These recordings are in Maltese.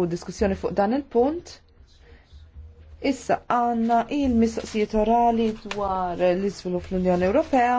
u diskussjoni fuq dan il-punt. Issa għanna il-mistoqsijiet orali dwar l-izvilup fl-Unjoni Ewropea.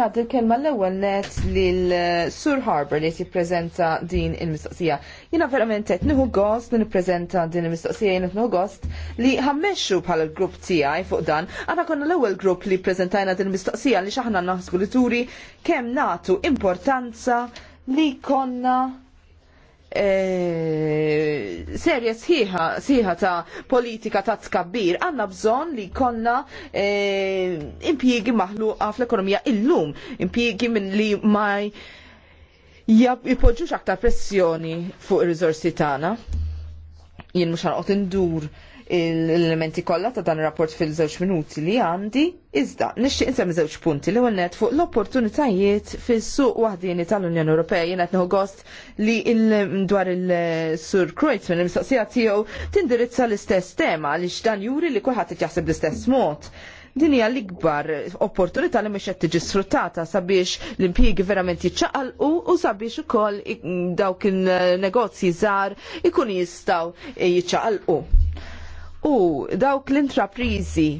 għad il-kelma l-ewwel net lil eh, Sur Harbour li tippreżenta din il-mistoqsija. Jiena verament qed nuhu gost li prezenta din il-mistoqsija jina nuhu gost li ħammexu bħala l-grupp tiegħi fuq dan. Aħna konna l-ewwel grupp li ppreżentajna din il-mistoqsija li x'aħna naħsbu li turi kemm nagħtu importanza li konna e, serja sħiħa, sħiħa ta' politika ta' tkabbir, għanna bżon li konna e, impjiegi maħluqa fl-ekonomija illum, impjiegi minn li ma jipoġġux aktar pressjoni fuq ir rizorsi tagħna. Jien mhux għot indur l-elementi kollha ta' dan ir-rapport fil-żewġ minuti li għandi, iżda nixtieq insemm żewġ punti li għonnet fuq l-opportunitajiet fis-suq waħdini tal-Unjoni Ewropea jien qed gost li dwar il-Sur Kreutzmann il-mistoqsija tiegħu tindirizza l-istess tema li x'dan juri li kulħadd jaħseb l-istess mod din hija l-ikbar opportunità li mhux qed tiġi sfruttata sabiex l-impjiegi verament jiċċaqalqu u sabiex ukoll dawk il-negozji żgħar ikun jistgħu jiċċaqalqu u dawk l-intraprizi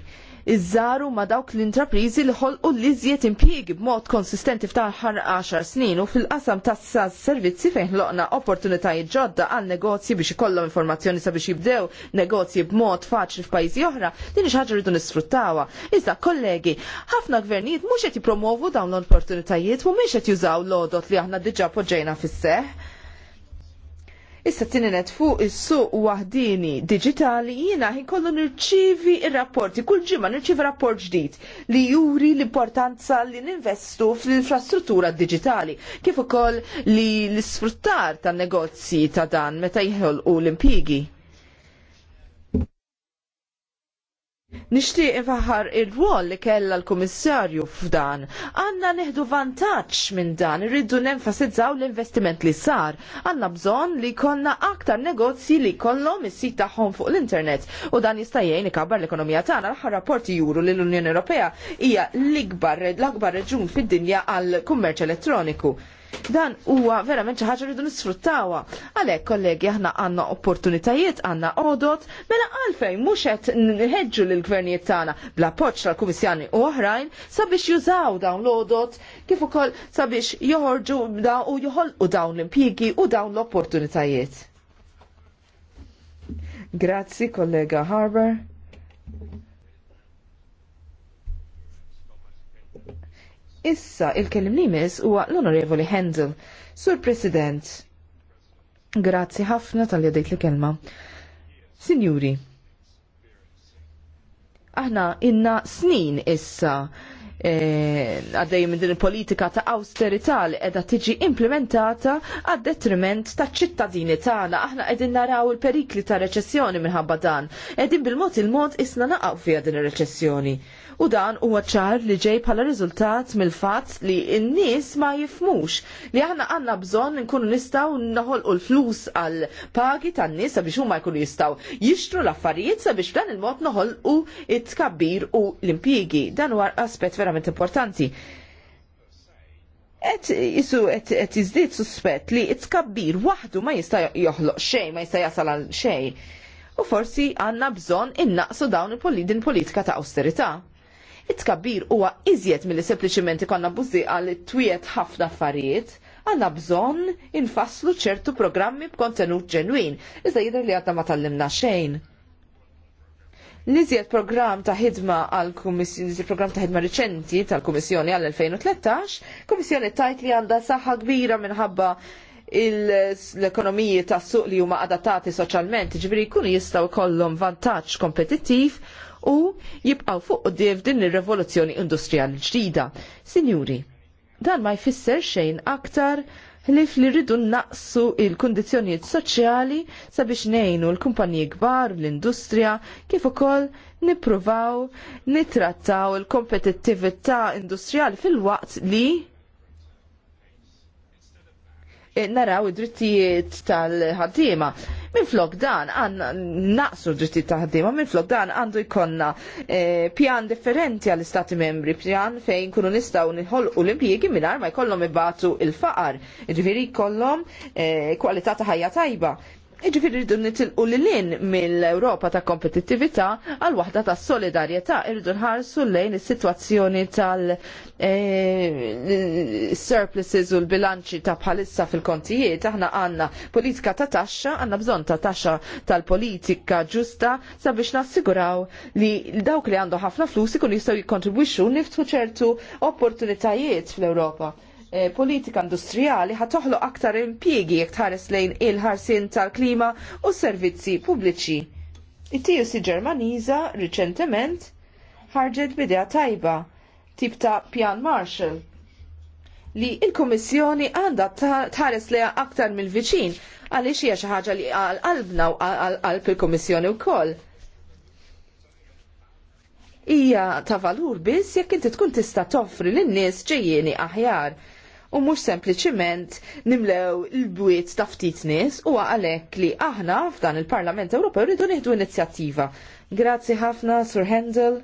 iżżaru ma dawk l-intraprizi li ħolqu li żjed impjiegi b'mod konsistenti f'taħħar 10 snin u fil-qasam tas-sas servizzi fejn loqna opportunitajiet ġodda għal negozji biex ikollhom informazzjoni sabiex jibdew negozji b'mod faċli f'pajjiżi oħra, din xi ħaġa rridu nisfruttawha. Iżda kollegi, ħafna gvernijiet mhux qed jippromovu dawn l-opportunitajiet u mhux qed jużaw l li aħna diġà poġġejna fis-seħħ Issa tininet fuq is-suq waħdini digitali jiena ħin kollu nirċivi ir-rapporti, kull ġimma nirċivi rapport ġdid li juri l-importanza li ninvestu fl-infrastruttura digitali, kif ukoll li l-isfruttar tan-negozji ta' dan meta jħolqu l impigi Nixtieq ifaħar ir-rwol li kellha l-Kummissarju f'dan. Għandna neħdu vantaġġ minn dan, irridu nenfasizzaw l-investiment li sar. Għandna bżonn li konna aktar negozji li kollhom is-sit tagħhom fuq l-internet u dan jista' jgħin ikabbar l-ekonomija tagħna. L-aħħar rapporti juru li l-Unjoni Ewropea hija l-ikbar l-akbar reġun fid-dinja għall kummerċ elettroniku. Dan huwa verament xi ħaġa rridu nisfruttawha. Għalhekk kollegi aħna għandna opportunitajiet, għandna għodot, mela għalfejn mhux qed nħeġġu lill-gvernijiet tagħna bla appoġġ tal kumissjani u oħrajn sabiex jużaw dawn l-għodot kif ukoll sabiex joħorġu u joħolqu dawn l-impjigi u dawn l-opportunitajiet. Grazzi kollega Harbour. Issa il-kellim li huwa l-Onorevoli Handel. Sur President, grazzi ħafna tal-li dejt l-kelma. Signuri, aħna inna snin issa eh, għaddej minn din il-politika ta' austerità li qiegħda tiġi implementata għad detriment ta' ċittadini tagħna. Aħna qegħdin naraw il-perikli ta' reċessjoni minħabba dan. Qegħdin bil-mod il-mod isna naqgħu fiha din ir-reċessjoni. U dan huwa ċar li ġej bħala riżultat mill-fatt li n-nies ma jifmux li aħna għandna bżonn nkunu nistgħu naħolqu l-flus għal pagi tan-nies sabiex huma jkunu jistgħu jixtru l-affarijiet sabiex dan il-mod noħolqu it-tkabbir u l-impjiegi. Dan huwa aspett verament importanti. Et jisu et, et jizdit suspett li it-kabbir wahdu ma jista joħloq xej, ma jista jasal għal xej. U forsi għanna bżon innaqsu dawn il-politika ta' austerita it kabir huwa iżjed milli sempliċiment ikonna buzzi għal twiet ħafna affarijiet, għanna bżon infasslu ċertu programmi b'kontenut ġenwin, iżda jidher li għadna ma tallimna xejn. Niżjed program ta' ħidma għal kummissjoni program ta' ħidma riċenti tal-Kummissjoni għal 2013, Kummissjoni tajt li għandha saħħa kbira minħabba l-ekonomiji ta' suq li huma adattati soċjalment, ġifieri jkunu jistgħu jkollhom vantaġġ kompetittiv u jibqaw fuq qudiem din ir-revoluzzjoni industrijali ġdida. Sinjuri, dan ma jfisser xejn aktar li fli rridu naqsu il-kondizjonijiet soċjali sabiex nejnu l-kumpaniji kbar, l-industrija, kif ukoll nippruvaw nitrattaw il-kompetittività industrijali fil-waqt li naraw id-drittijiet tal-ħaddiema. Minn flok dan għanna naqsu d-drittijiet tal-ħaddiema, minn flok dan għandu jkonna eh, pjan differenti għall-istati membri, pjan fejn kunu nistaw u l-impjiegi minn ma jkollhom ibatu il-faqar, ġviri jkollhom e, kwalità ta' ħajja tajba. Iġifiri rridu nitilqu l lin mill-Europa ta' kompetittività għal waħda ta' solidarjetà irridu nħarsu lejn is-sitwazzjoni tal-surpluses eh, u l-bilanċi ta' bħalissa fil-kontijiet. Aħna għandna politika ta' taxxa, għandna bżonn ta' taxxa tal-politika ġusta sabiex nassiguraw li dawk li għandu ħafna flus ikun jistgħu jikkontribwixxu niftħu ċertu opportunitajiet fl-Ewropa Eh, politika industrijali ħat toħloq aktar impjiegi jekk tħares lejn il-ħarsin tal-klima u servizzi pubbliċi. It-TUC Ġermaniża riċentement ħarġet bidea tajba tip ta' pjan Marshall li il komissjoni għandha tħares leja aktar mill-viċin għaliex hija xi ħaġa li għal qalbna u għal qalb il-Kommissjoni wkoll hija ta' valur biss jekk inti tkun tista' toffri lin-nies ġejjieni aħjar u mhux sempliciment nimlew il-bwiet ta' ftit nies u għalek li aħna f'dan il-Parlament Ewropew rridu nieħdu inizjattiva. Grazzi ħafna Sur Handel.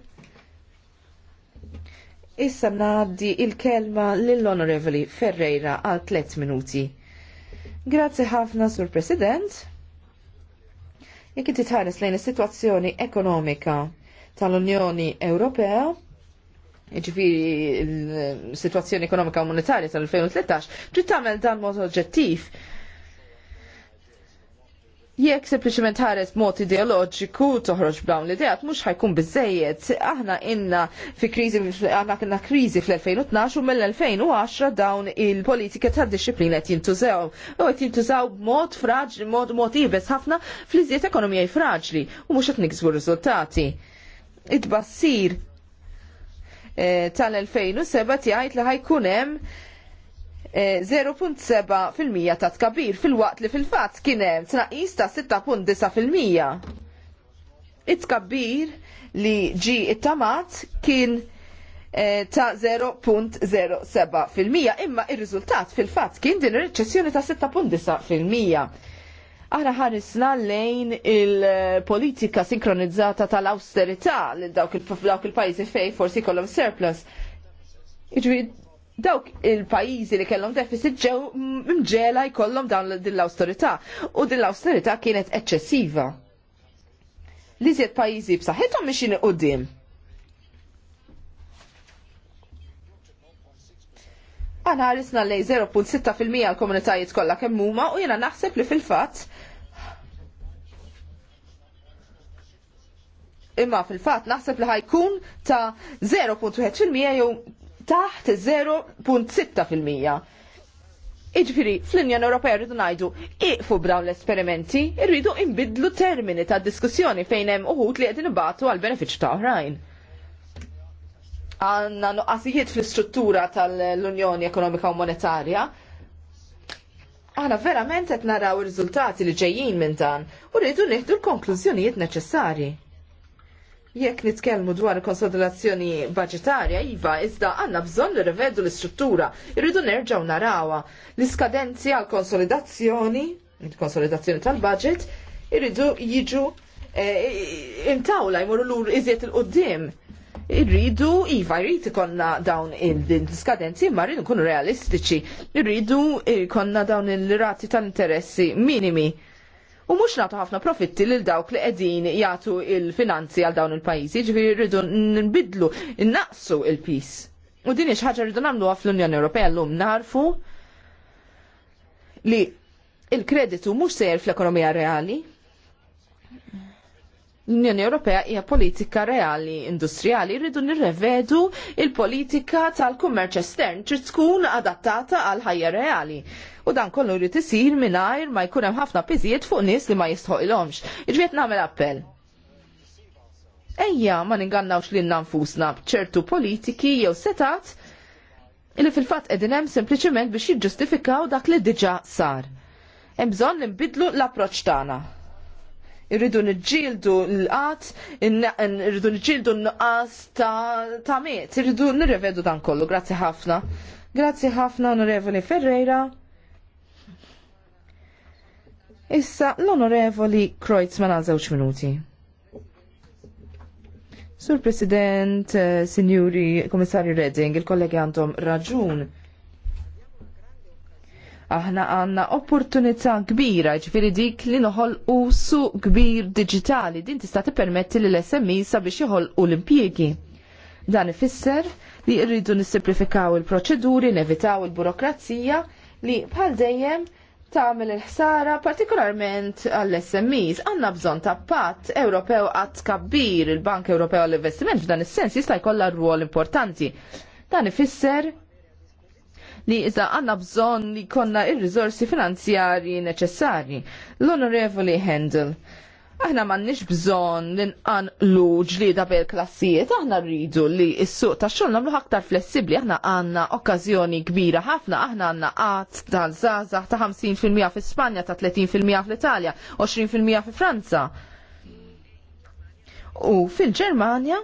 Issa ngħaddi il-kelma lill-Onorevoli Ferreira għal tliet minuti. Grazzi ħafna Sur President. Jekk inti tħares lejn is-sitwazzjoni ekonomika tal-Unjoni Ewropea, ġifiri l-situazzjoni ekonomika u monetarja tal-2013, trid tagħmel dan mod oġġettiv. Jekk sempliċement ħares mod ideoloġiku toħroġ b'dawn l-idejat mhux ħajkun biżejjed. Aħna inna fi kriżi aħna kena krizi fl-2012 u mill-2010 dawn il-politika ta' disciplina qed jintużaw. U qed jintużaw b'mod fraġli, mod mod ibes ħafna fl-iżjed ekonomijaj fraġli u mhux qed niksbu riżultati. Id-bassir Eh, tal-2007 tiegħid li ħajkun hemm 0.7% ta' tkabir fil-waqt li fil-fatt kien hemm tnaqqis ta' 6.9%. It-tkabbir li ġi it-tamat kien eh, ta' 0.07% imma ir-riżultat fil-fatt kien din ir-reċessjoni ta' 6.9%. Aħna ħarisna lejn il-politika sinkronizzata tal-austerità li dawk il-pajjiżi fej forsi kollom surplus. Jiġri dawk il-pajjiżi li kellhom deficit ġew mġela jkollhom dawn din l-austerità u din l-austerità kienet eċċessiva. Liżiet pajzi pajjiżi b'saħħithom mixin qudiem għarisna li 0.6% għal-komunitajiet kollha kemm huma u jiena naħseb li fil-fatt imma fil-fatt naħseb li ħajkun ta' 0.1% jew taħt 0.6%. Iġifiri, fl-Unjoni Ewropea rridu ngħidu iqfu b'dawn l-esperimenti, rridu imbidlu termini ta' diskussjoni fejn hemm uħud li qegħdin ibatu għal benefiċċju ta' oħrajn għanna nuqqasijiet fl-istruttura tal-Unjoni Ekonomika u Monetarja. Aħna verament qed naraw il riżultati li ġejjin minn dan u rridu nieħdu l-konklużjonijiet neċessari. jekk nitkellmu dwar konsolidazzjoni budgetarja, iva, iżda għanna bżon li rivedu l-istruttura, irridu nerġaw narawa. L-iskadenzi għal konsolidazzjoni, il-konsolidazzjoni tal-budget, irridu jiġu eh, intawla jmurru jmorru l-ur iżiet il-qoddim irridu, iva, irrid ikonna dawn il diskadenzi imma rridu nkunu realistiċi, irridu ikonna dawn il-rati tal-interessi minimi u mux natu ħafna profitti lil dawk li qegħdin jagħtu il-finanzi għal dawn il-pajjiżi, jiġifieri rridu nbidlu innaqsu il-pis. U din hija ħaġa rridu nagħmluha fl-Unjoni Ewropea llum narfu li il-kreditu mhux sejjer fl-ekonomija reali, l-Unjoni Ewropea hija politika reali industrijali rridu nirrevedu il-politika tal-kummerċ estern trid tkun adattata għal ħajja reali. U dan kollu jrid isir mingħajr ma jkun hemm ħafna piżijiet fuq nies li ma jistħoqilhomx. Irrid nagħmel appell. Ejja ma ningannawx lil nfusna b'ċertu politiki jew setat illi fil-fatt qegħdin hemm sempliċement biex jiġġustifikaw dak li diġà sar. Hemm bżonn nbidlu l-approċċ tagħna irridu nġildu l-qat, irridu nġildu n qas ta' miet, irridu nirrevedu dan kollu, grazzi ħafna. Grazzi ħafna, onorevoli Ferreira. Issa l-onorevoli Kreutz għal żewġ minuti. Sur President, eh, Signuri Komissari Redding, il-kollegi għandhom raġun aħna għanna opportunità kbira ġifiri dik li noħol u su kbir digitali din tista' tippermetti li l-SMI sabiex joħol u l-impjiegi. Dan ifisser li rridu nissimplifikaw il-proċeduri, nevitaw il-burokrazija li bħal dejjem tagħmel il-ħsara partikolarment għall-SMEs għandna bżonn ta' patt Ewropew għat kabbir il-Bank Ewropew għall-Investiment f'dan is-sens jista' jkollha rwol importanti. Dan ifisser li iżda għanna bżon li konna il-rizorsi finanzjari neċessari. L-Onorevoli Handel, aħna mannix bżon li li da bel klassijiet, aħna rridu li s-suq ta' xogħol namlu aktar flessibli, aħna għandna okkażjoni kbira ħafna, aħna għandna qatt tal-żgħażagħ ta' 50% fi Spanja, ta' 30% fl-Italja, 20% fi Franza. U fil-Ġermanja,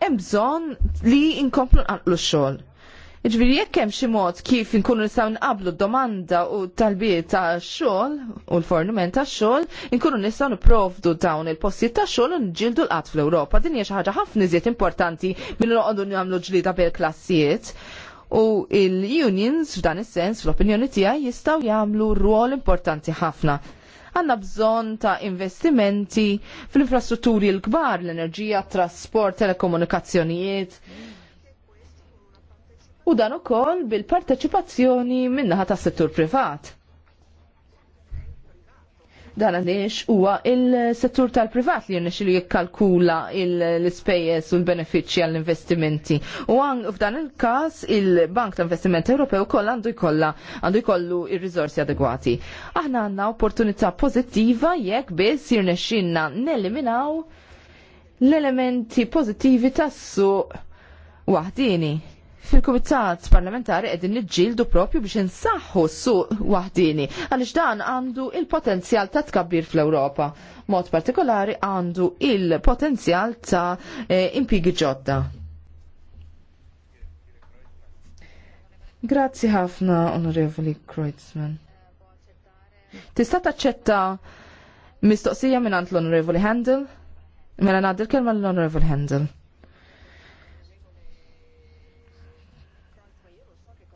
hemm bżonn li inkomplu nqaqlu x-xogħol. Ġviri, jiġifieri jekk hemm xi mod kif inkunu nistgħu nqablu domanda u talbiet ta' xogħol u l-fornument ta' xogħol, inkunu nistgħu nipprovdu dawn il-postijiet ta' xogħol u nġildu l-qatt fl-Ewropa. Din hija xi ħaġa ħafna iżjed importanti milli noqogħdu nagħmlu ġlida bel klassijiet. U il-unions f'dan is-sens fl-opinjoni tiegħi jistgħu jagħmlu rwol importanti ħafna għanna bżon ta' investimenti fl-infrastrutturi l-kbar, l-enerġija, trasport, telekomunikazzjonijiet. U dan ukoll bil-parteċipazzjoni minnaħa tas settur privat dan għaliex huwa il-settur tal-privat li jirnex li jikkalkula l-ispejjeż u l-benefiċċji għall-investimenti. U għan f'dan il-każ il-Bank ta' Investiment Ewropew koll għandu jkolla għandu jkollu il-rizorsi adegwati. Aħna għandna opportunità pożittiva jekk biss jirnexxinna neliminaw l-elementi pożittivi tas-suq waħdini fil-Kumitat Parlamentari qegħdin niġġieldu propju biex insaħħu s-suq waħdini għaliex dan għandu il-potenzjal ta' tkabbir fl-Ewropa. Mod partikolari għandu il-potenzjal ta' eh, impigi ġodda. Grazzi ħafna, Onorevoli Kreutzmann. Tista' taċċetta mistoqsija minn l-Onorevoli Handel? Mela ngħaddi kelma l-Onorevoli Handel.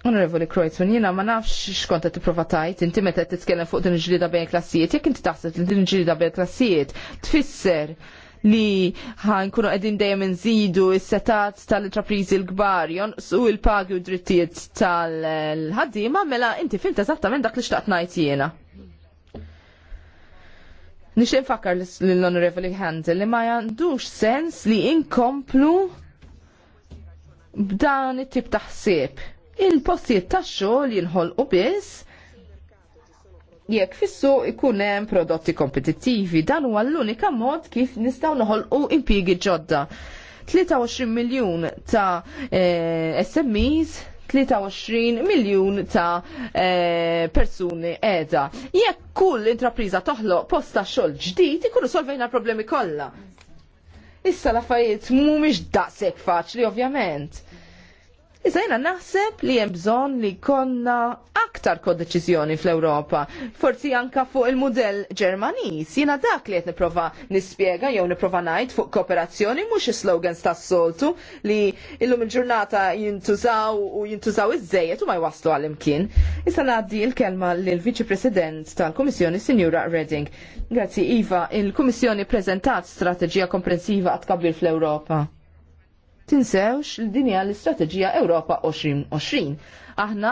Onorevoli Kreuzman, jina ma nafx xkonta t-prova tajt, inti meta t-tkellem fuq din ġlida bejn klassijiet, jek inti taħseb li din ġlida bejn klassijiet, tfisser li kunu għedin dejjem nżidu s-setat tal-intraprizi l-gbar, jonqsu il-pagi u drittijiet tal-ħaddima, mela inti fil eżattament dak li xtaqt najt jena. Nixtieq fakkar l-Onorevoli Handel li ma jandux sens li inkomplu b'dan it-tip taħsib il-postijiet tax-xogħol jinħolqu biss jekk fissu ikun hemm prodotti kompetittivi dan huwa l-unika mod kif nistgħu noħolqu impjiegi ġodda. 23 miljun ta' eh, SMEs 23 miljun ta' eh, persuni edha. Jekk kull intrapriża toħloq posta xogħol ġdid ikunu solvejna l-problemi kollha. Issa l-affarijiet mhumiex daqshekk faċli ovvjament Iżda jena naħseb li hemm bżonn li konna aktar kodeċiżjoni fl-Ewropa. Forsi anka fuq il-mudell Ġermaniż. Jiena dak li qed nipprova nispjega jew nipprova ngħid fuq kooperazzjoni mhux is-slogans tas-soltu li illum il-ġurnata jintużaw u jintużaw iż-żejjed u ma jwaslu għal imkien. Issa ngħaddi l-kelma lil viċi President tal-Kummissjoni Sinjura Redding. Grazzi Iva, il-Kummissjoni preżentat strateġija komprensiva għat fl-Ewropa tinsewx l-dinja l-istrateġija Ewropa 2020. Aħna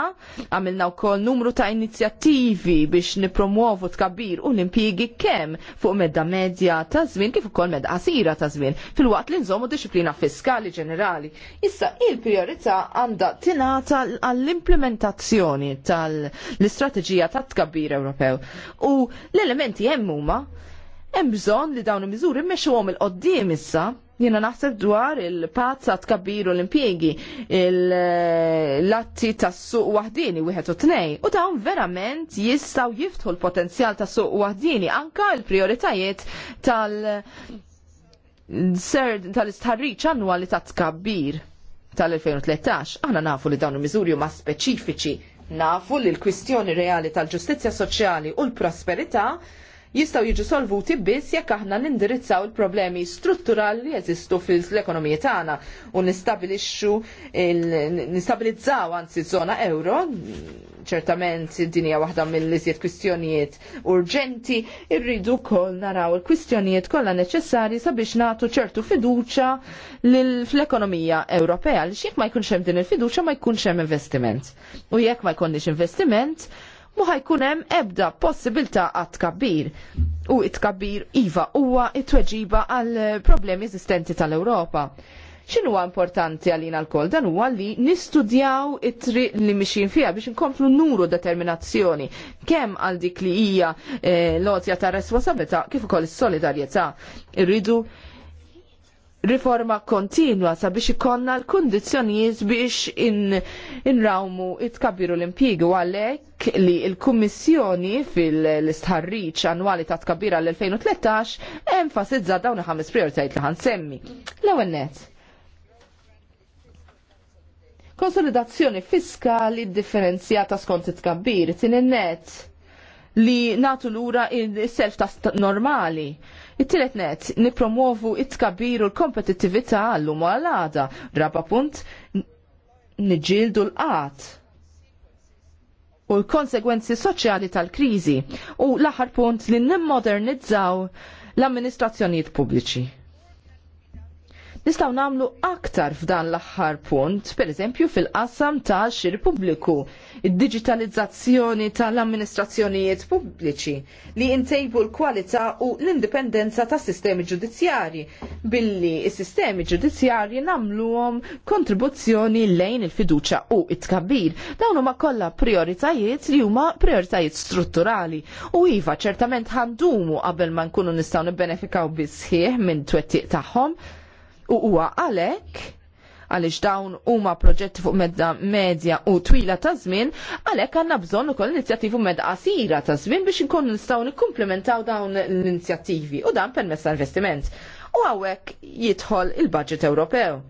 għamilna wkoll numru ta' inizjattivi biex nipromuovu tkabbir u l impjiegi kemm fuq medda medja ta' żmien kif ukoll medda qasira ta' żmien fil-waqt li nżommu disciplina fiskali ġenerali. Issa il-priorità għandha tingħata għall-implementazzjoni tal-istrateġija ta' tkabbir Ewropew. U l-elementi hemm huma hemm bżonn li dawn il-miżuri mmexxuhom il-qoddim issa Jiena naħseb dwar il-pazza u l-impjegi, l-latti tas suq wahdini wieħed u tnej. U dawn verament jistaw jiftħu l-potenzjal ta' suq wahdini, anka l-prioritajiet tal- ser tal-istħarriċ annwali ta' tkabbir tal-2013, aħna nafu li dawn il-miżuri ma' speċifiċi nafu li l-kwistjoni reali tal-ġustizja soċjali u l-prosperità jistgħu jiġu solvuti biss jekk aħna nindirizzaw il-problemi strutturali li jeżistu fil-ekonomija tagħna u nistabilixxu nistabilizzaw anzi żona euro ċertament id-dinja waħda mill-iżjed kwistjonijiet urġenti, irridu kol naraw il-kwistjonijiet kollha neċessarji sabiex nagħtu ċertu fiduċa fl-ekonomija Ewropea għaliex jekk ma jkunx hemm din il-fiduċa ma jkunx hemm investiment. U jekk ma jkollniex investiment, mu ħajkun hemm ebda possibilità għat tkabbir. U it-tkabbir iva huwa it-tweġiba għal problemi eżistenti tal-Ewropa. X'inhuwa importanti għalina l-kol dan huwa li nistudjaw it-triq li mixin fiha biex nkomplu nuru determinazzjoni kemm għal dik li hija e, eh, lotja ta' responsabilità kif ukoll is-solidarjetà. Irridu riforma kontinwa sabiex ikonna l-kondizjonijiet biex inrawmu in it-kabiru l-impiegu għalhekk li l-Kummissjoni fil-istħarriċ annwali ta' tkabira l-2013 enfasizza dawn ħames prioritajiet li ħansemmi. L-ewwel net. Konsolidazzjoni fiskali differenzjata skont it-kabbir, tin net li natu lura il-self ta' normali. it tillet net, nipromovu it-kabiru l-kompetittività għallum għal-għada. Raba punt, nġildu l-qat u l-konsegwenzi soċjali tal-krizi. U l-aħar punt li nimmodernizzaw l-amministrazzjonijiet pubbliċi. Nistaw namlu aktar f'dan l-aħħar punt, per eżempju fil-qasam ta' xir pubbliku, id-digitalizzazzjoni tal-amministrazzjonijiet pubbliċi li intejbu l-kwalità u l-indipendenza ta' sistemi ġudizzjari billi is-sistemi ġudizzjari namluhom kontribuzzjoni lejn il-fiduċa u it-kabbir. Dawn huma kollha prioritajiet li huma prioritajiet strutturali u iva ċertament ħandumu qabel ma nkunu nistgħu nibbenefikaw bisħieħ minn twettiq tagħhom u huwa għalhekk għaliex dawn huma proġetti fuq medda medja u twila ta' żmien, għalhekk għandna bżonn ukoll inizjattivi medda qasira ta' żmien biex inkunu nistgħu nikkumplementaw dawn l-inizjattivi u dan permezz tal-investiment. U hawnhekk jidħol il-budget Ewropew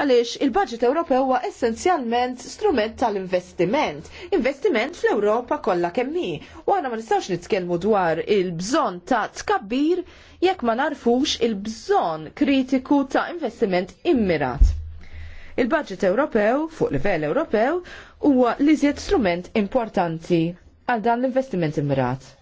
għaliex il-budget Ewropew huwa essenzjalment strument tal-investiment. Investiment fl-Ewropa kollha kemm hi. U għana ma nistgħux nitkellmu dwar il-bżonn ta' tkabbir jekk ma narfux il-bżonn kritiku ta' investiment immirat. Il-budget Ewropew fuq livell Ewropew huwa liżjed strument importanti għal dan l-investiment immirat.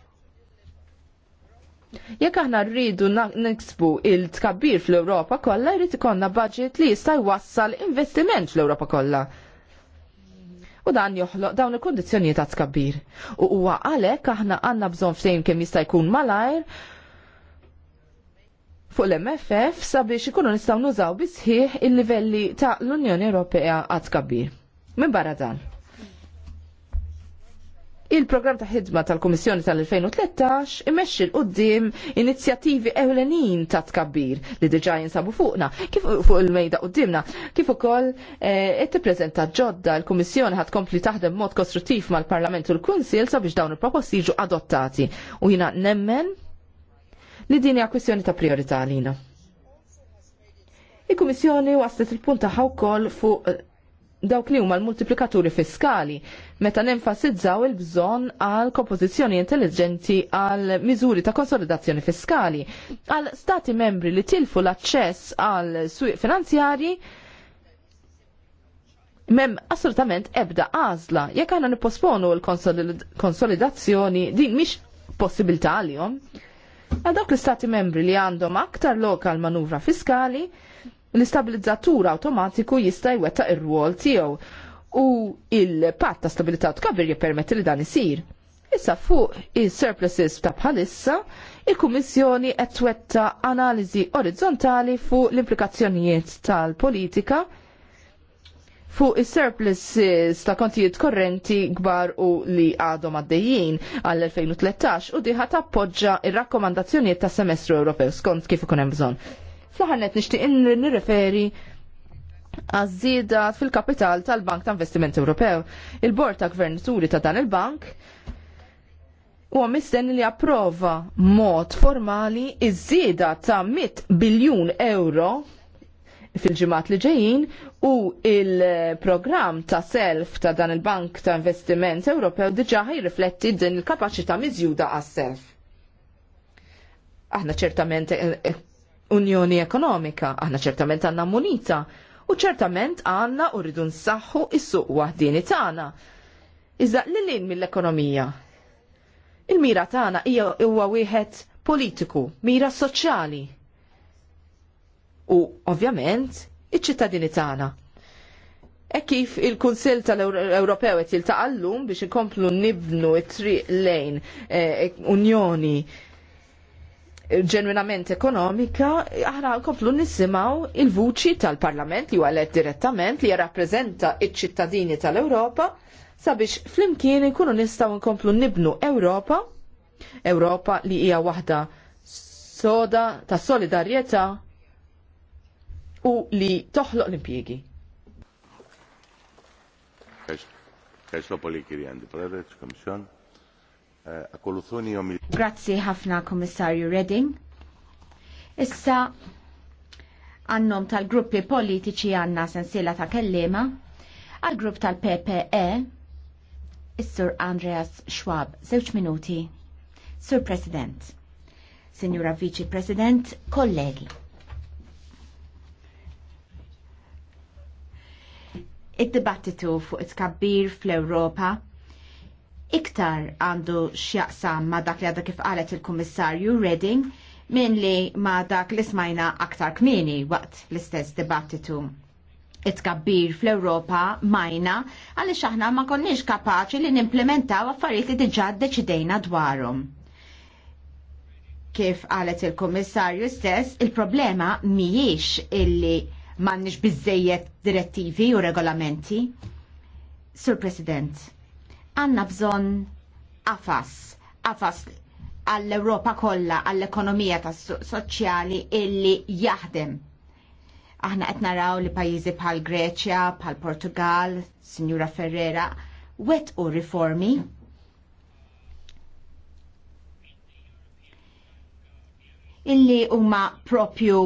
Jekk aħna rridu niksbu il-tkabbir fl-Ewropa kollha jrid ikollna budget li jista' jwassal investiment fl-Ewropa kollha. U dan joħloq dawn il-kondizzjonijiet ta' tkabbir. U huwa għalhekk aħna għandna bżonn ftehim kemm jista' jkun malajr fuq l-MFF sabiex ikunu nistgħu nużaw bisħieħ il-livelli ta' l-Unjoni Ewropea għat tkabbir. Minn barra dan. Il-programm ta' ħidma tal-Komissjoni tal-2013 imexxi l qudiem inizjattivi ewlenin ta' tkabbir li diġà jinsabu fuqna, kif fuq il-mejda qudiemna, kif ukoll eh, qed tippreżenta ġodda l-Kummissjoni ħad kompli taħdem mod kostruttiv mal-Parlament u l-Kunsil sabiex dawn il-proposti jiġu adottati u jina nemmen li din hija kwistjoni ta' priorità għalina. Il-Kummissjoni waslet il-punt tagħha wkoll fuq dawk li huma l-multiplikaturi fiskali meta nenfasizzaw il-bżonn għal kompożizzjoni intelligenti għal miżuri ta' konsolidazzjoni fiskali għal stati membri li tilfu l-aċċess għal suq finanzjarji mem assolutament ebda għażla jekk għandna nipposponu l-konsolidazzjoni din mhix possibilità għalihom. Għal dawk l-istati membri li għandhom aktar lokal manuvra fiskali, l-istabilizzatur awtomatiku jista' jwettaq ir-rwol tiegħu u il-patt ta' stabilità kabir jippermetti li dan isir. Issa fuq is-surpluses ta' bħalissa, il-Kummissjoni qed twetta analiżi orizzontali fuq l-implikazzjonijiet tal-politika fuq is-surpluses ta' kontijiet korrenti gbar u li għadhom għaddejjin għall-2013 u diħa tappoġġa ir-rakkomandazzjonijiet ta' semestru Ewropew skont kif ikun hemm bżonn. Fl-ħannet nixtieq nirreferi għaż-żieda fil-kapital tal-Bank ta' Investiment Ewropew. Il-Bord ta' Gvernituri ta' dan il-bank u mistenni li approva mod formali iż-żieda ta' 100 biljun euro fil-ġimat li ġejjin u il-programm ta' self ta' dan il-Bank ta' Investiment Ewropew diġa jirrifletti din il-kapaċità miżjuda għas-self. Aħna ċertament eh, eh, unjoni ekonomika, aħna ċertament għanna munita, u ċertament għanna u rridu nsaħħu is-suq waħdini tagħna. Iżda lilin mill-ekonomija. Il-mira tagħna hija huwa wieħed politiku, mira soċjali. U ovvjament iċ-ċittadini tagħna. E kif il-Kunsil tal-Ewropew qed jiltaqallum biex inkomplu nibnu t triq lejn eh, unjoni ġenwinament ekonomika, aħna komplu nisimaw il-vuċi tal-Parlament li għalet direttament li jarrapprezenta il ċittadini tal-Europa sabiex flimkien ikunu nistaw nkomplu nibnu Europa, Europa li hija waħda soda ta' solidarjetà u li toħloq l-impjiegi. Kaxlo poli kirjandi, Komissjon. Grazzi ħafna Komissarju Redding. Issa għannom tal-gruppi politiċi għanna sensiela ta' kellima, għal-grupp tal-PPE, Is-Sur Andreas Schwab, zewċ minuti. Sur President, Signora Vice President, kollegi. Id-dibattitu fuq it-kabbir fl-Europa iktar għandu x'jaqsam ma' dak li għadha kif qalet il-Kummissarju Redding minn li ma' dak li smajna aktar kmini waqt l-istess dibattitu it-kabbir fl-Europa majna għaliex aħna ma konniex kapaċi li nimplementaw affarijiet li diġà deċidejna dwarhom. Kif qalet il-Kummissarju stess, il-problema mhijiex illi m'għandniex bizzejiet direttivi u regolamenti. Sur President, Għanna bżon afas, afas għall-Europa kollha, għall-ekonomija ta' soċjali illi jaħdem. Aħna qed naraw li pajjiżi bħal Greċja, bħal Portugal, Sinjura Ferrera, wet u riformi. Illi huma propju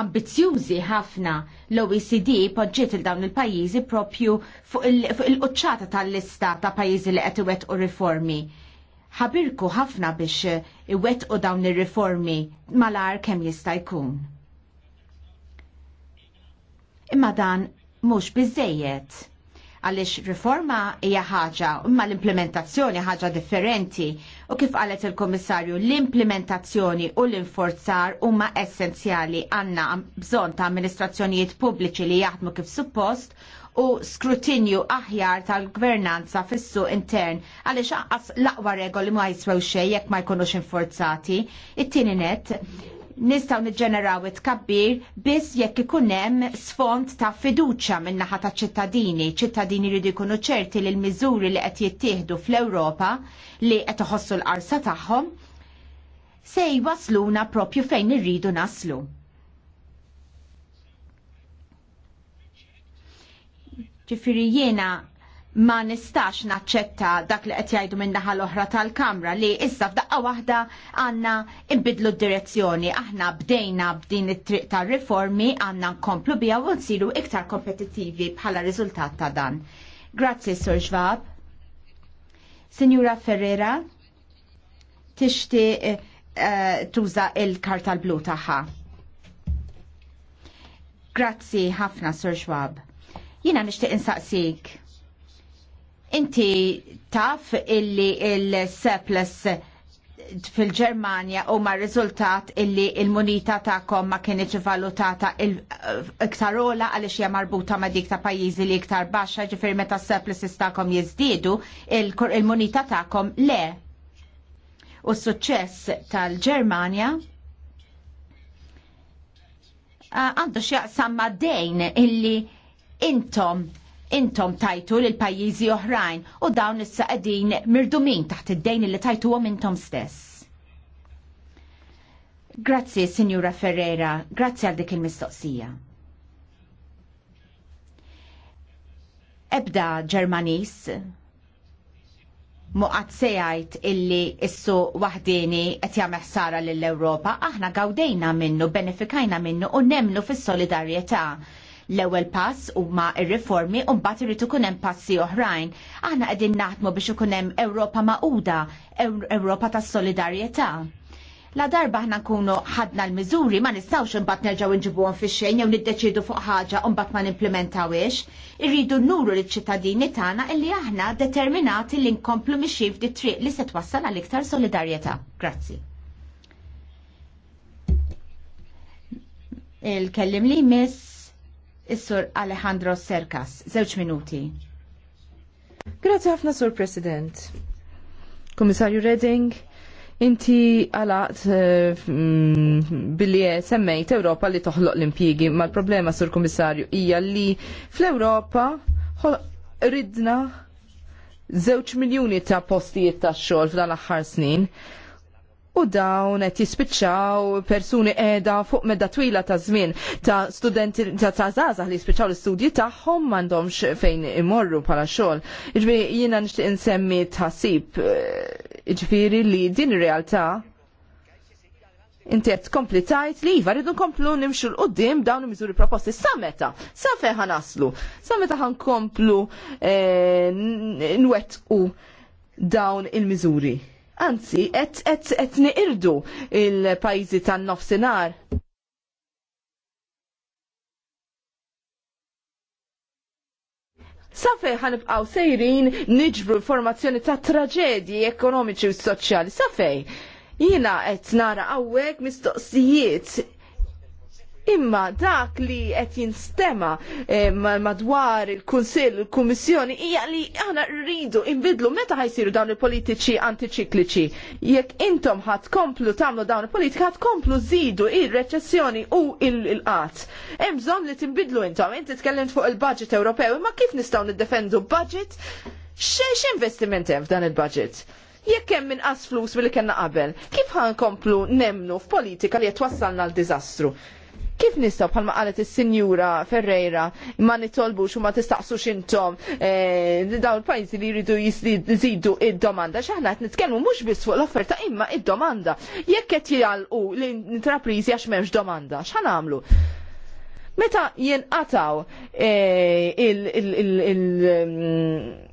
ambizjużi ħafna l-OECD poġġiet il dawn il-pajjiżi propju fuq il-qċċata tal-lista ta' pajjiżi li qed iwettqu riformi. Ħabirku ħafna biex iwettqu dawn ir-riformi malar kemm jista' jkun. Imma dan mhux biżejjed għaliex riforma hija ħaġa, imma l-implementazzjoni ħaġa differenti. U kif qalet il-Komissarju, l-implementazzjoni u l-inforzar huma essenzjali għandna bżonn ta' amministrazzjonijiet pubbliċi li jaħdmu kif suppost u skrutinju aħjar tal-gvernanza fissu intern għaliex għas l-aqwa regoli ma jiswew xejn jekk ma jkunux inforzati. It-tieni net, nistaw niġġeneraw it-kabbir biss jekk ikun hemm sfond ta' fiduċja min-naħa ta' ċittadini. ċittadini rridu jkunu ċerti li l-miżuri li qed jittieħdu fl-Ewropa li qed iħossu l-qarsa tagħhom se jwasluna propju fejn irridu naslu. Ġifieri jiena ma nistax naċċetta dak li qed jgħidu minn naħa l-oħra tal-Kamra li issa f'daqqa waħda għandna inbidlu d-direzzjoni. Aħna bdejna b'din it-triq tar-riformi għandna nkomplu biha u nsiru iktar kompetittivi bħala riżultat ta' dan. Grazzi, Sur Xvab. Signora Ferrera, tixti eh, eh, tuża il-karta l-blu tagħha. Grazzi ħafna, Sur Xwab. Jina nixtieq insaqsik Inti taf illi il-surplus fil-Germania u ma' rizultat illi il-munita ta'kom ma' kienieċ valutata iktar ola għalix hija marbuta ma' dik ta' pajjiżi li iktar baxxa ġifieri meta surpluses ta'kom jiżdiedu il-munita ta'kom le. U s-suċċess tal-Germania għandu x'jaqsam samma dejn illi intom intom tajtu lil pajjiżi oħrajn u dawn issa qegħdin mirdumin taħt id-dejn li tajtuhom intom stess. Grazzi, Sinjura Ferrera, grazzi għal dik il-mistoqsija. Ebda Ġermanis muqat sejajt illi issu wahdini qed jagħmel ħsara lill-Ewropa, aħna gawdejna minnu, benefikajna minnu u nemnu fis-solidarjetà L-ewwel pass huma r-riformi u mbagħad irid ikun hemm passi oħrajn. Aħna qegħdin naħdmu biex ikun hemm Ewropa Magħquda, Ewropa tas-solidarjetà. La darba aħna nkunu ħadna l-miżuri ma nistgħux imbagħad nerġgħu nġibuhom fix-xejn jew niddeċiedu fuq ħaġa u mbagħad ma nimplementawhiex. Irridu nnuru liċ-ċittadini tagħna illi aħna determinati li nkomplu mixi di triq li se twassal għal iktar solidarjetà. Grazzi. Il-kellim li miss Is-Sur Alejandro Serkas, żewġ minuti. Grazie ħafna, Sur President. Komissarju Reding, inti għalaqt uh, billi semmejt Ewropa li toħloq l-impjigi, ma l-problema sur komissarju hija li fl-Ewropa ridna zewċ miljoni ta' postijiet ta' xogħol f'dan l-aħħar snin u dawn qed jispiċċaw persuni qiegħda fuq medda twila ta' żmien ta' studenti ta' żgħażagħ li jispiċċaw l-istudji tagħhom m'għandhomx fejn imorru bħala xogħol. Jiġifieri jiena nixtieq insemmi tħassib eh, jiġifieri li din ir-realtà inti qed tkompli tajt li iva rridu nkomplu nimxu l qudiem dawn il-miżuri proposti sa meta, sa ħa naslu, sa meta ħankomplu eh, nwettqu dawn il-miżuri. Anzi, qed qed qed niqirdu il-pajjiżi tan-nofsinhar. Safe ħanibqaw sejrin niġbru informazzjoni ta' traġedji ekonomiċi u soċjali. Safe, jina qed nara hawnhekk mistoqsijiet Imma dak li qed jinstema eh, madwar il-Kunsill, il-Kummissjoni hija li aħna rridu inbidlu meta ħajsiru dawn il-politiċi antiċikliċi. Jekk intom ħadd komplu tagħmlu dawn il-politika ħadd komplu żidu ir-reċessjoni u l qatt Hemm bżonn li tinbidlu intom. Inti tkellimt fuq il-budget Ewropew, imma kif nistgħu niddefendu budget? investiment hemm f'dan il-budget? jekk hemm inqas flus milli kellna qabel, kif ħankomplu nemnu f'politika li qed wassalna l-diżastru? Kif nistgħu bħalma qalet is-Sinjura Ferreira ma nitolbux u ma tistaqsux intom eh, daw il-pajjiżi li jridu jżidu id-domanda x'aħna qed nitkellmu mhux biss fuq l-offerta imma id-domanda. Jekk qed jgħalqu l-intrapriżi għax m'hemmx domanda, x'ha għamlu? Meta jinqataw eh, il- mm,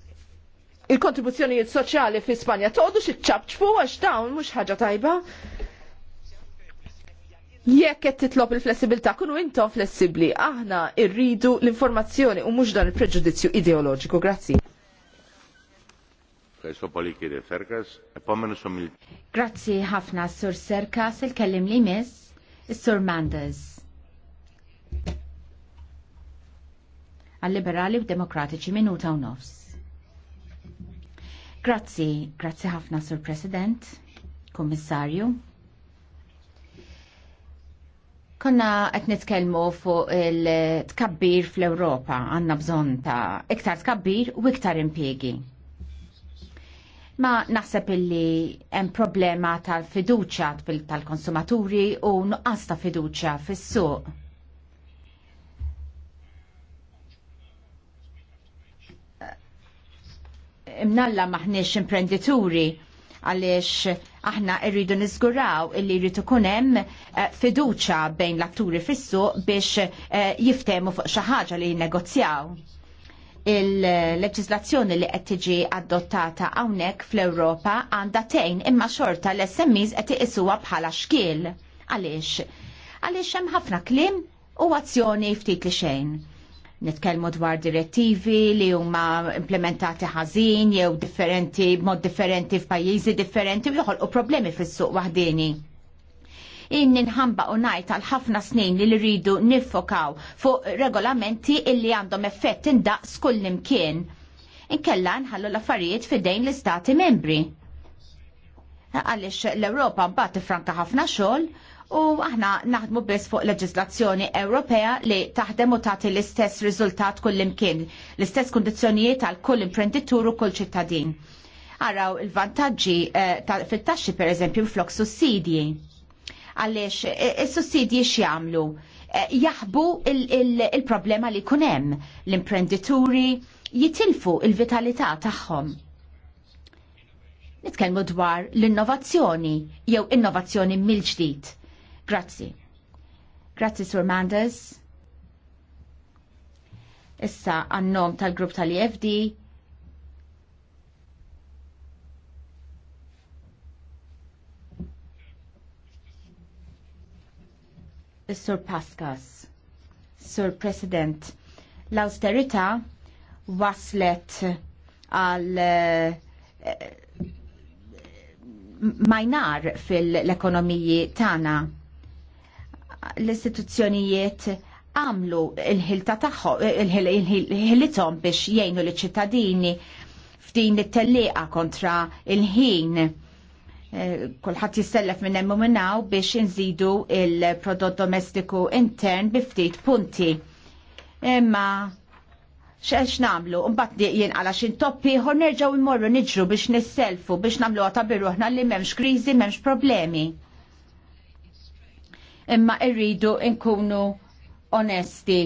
il-kontribuzzjonijiet soċjali fi Spanja toqdu xi għax dawn mhux ħaġa tajba jekk qed titlob il-flessibilità kunu intom flessibbli, aħna rridu l-informazzjoni u mhux dan il-preġudizzju ideoloġiku. Grazzi. Grazzi ħafna Sur Serkas, il-kellim li miss, Sur Mandas. Għal-liberali u demokratiċi minuta u nofs. Grazzi, grazzi ħafna Sur President, Kommissarju, Konna qed nitkellmu fuq il-tkabbir fl-Ewropa għandna bżonn ta' iktar tkabbir u iktar impjiegi. Ma naħseb illi hemm problema tal-fiduċja tal-konsumaturi u nuqqas ta' fiduċja fis-suq. Imnalla maħniex imprendituri għaliex aħna rridu nizguraw illi rridu kunem eh, fiduċa bejn l-atturi fissu biex eh, jiftemu fuq xi ħaġa li jinnegozjaw. Il-leġislazzjoni li qed tiġi adottata hawnhekk fl-Ewropa għandha tgħin imma xorta l smis qed iqisuha bħala xkiel. Għaliex? Għaliex hemm ħafna kliem u azzjoni ftit li xejn Nitkellmu dwar direttivi li huma implementati ħażin jew differenti b'mod differenti f'pajjiżi differenti u joħolqu problemi fis-suq waħdini. In ninħamba u najt għal ħafna snin li rridu nifokaw fuq regolamenti illi għandhom effett indaqs kull imkien. Inkella nħallu l-affarijiet fidejn l-istati membri għalix l-Europa mbagħad tifranka ħafna xogħol u aħna naħdmu biss fuq leġislazzjoni Ewropea li taħdem u tagħti l-istess riżultat kullimkien, l-istess kundizzjonijiet għal kull imprenditur u kull ċittadin. Araw il-vantaġġi eh, fit-taxxi pereżempju flok sussidji. Għaliex eh, is-sussidji x'jagħmlu? Eh, Jaħbu il-problema il il li jkun hemm l-imprendituri jitilfu il-vitalità tagħhom nitkellmu dwar l-innovazzjoni jew innovazzjoni mill-ġdid. Grazzi. Grazzi, Sur Mandes. Issa għannom tal-grupp tal-IFD. Sur Paskas, Sur President, l-austerita waslet għal eh, majnar fil-ekonomiji tana l-istituzzjonijiet għamlu il-ħilta tagħhom il-ħilitom biex jgħinu l-ċittadini f'din it-telliqa kontra il-ħin eh, kulħadd jistellef minn hemm minnaw biex inżidu il-prodott domestiku intern bi ftit punti. Imma x'għax nagħmlu, mbagħad jinqala toppi, hor nerġgħu immorru niġru biex nisselfu biex namlu ta' birruħna li m'hemmx kriżi, m'hemmx problemi imma irridu nkunu onesti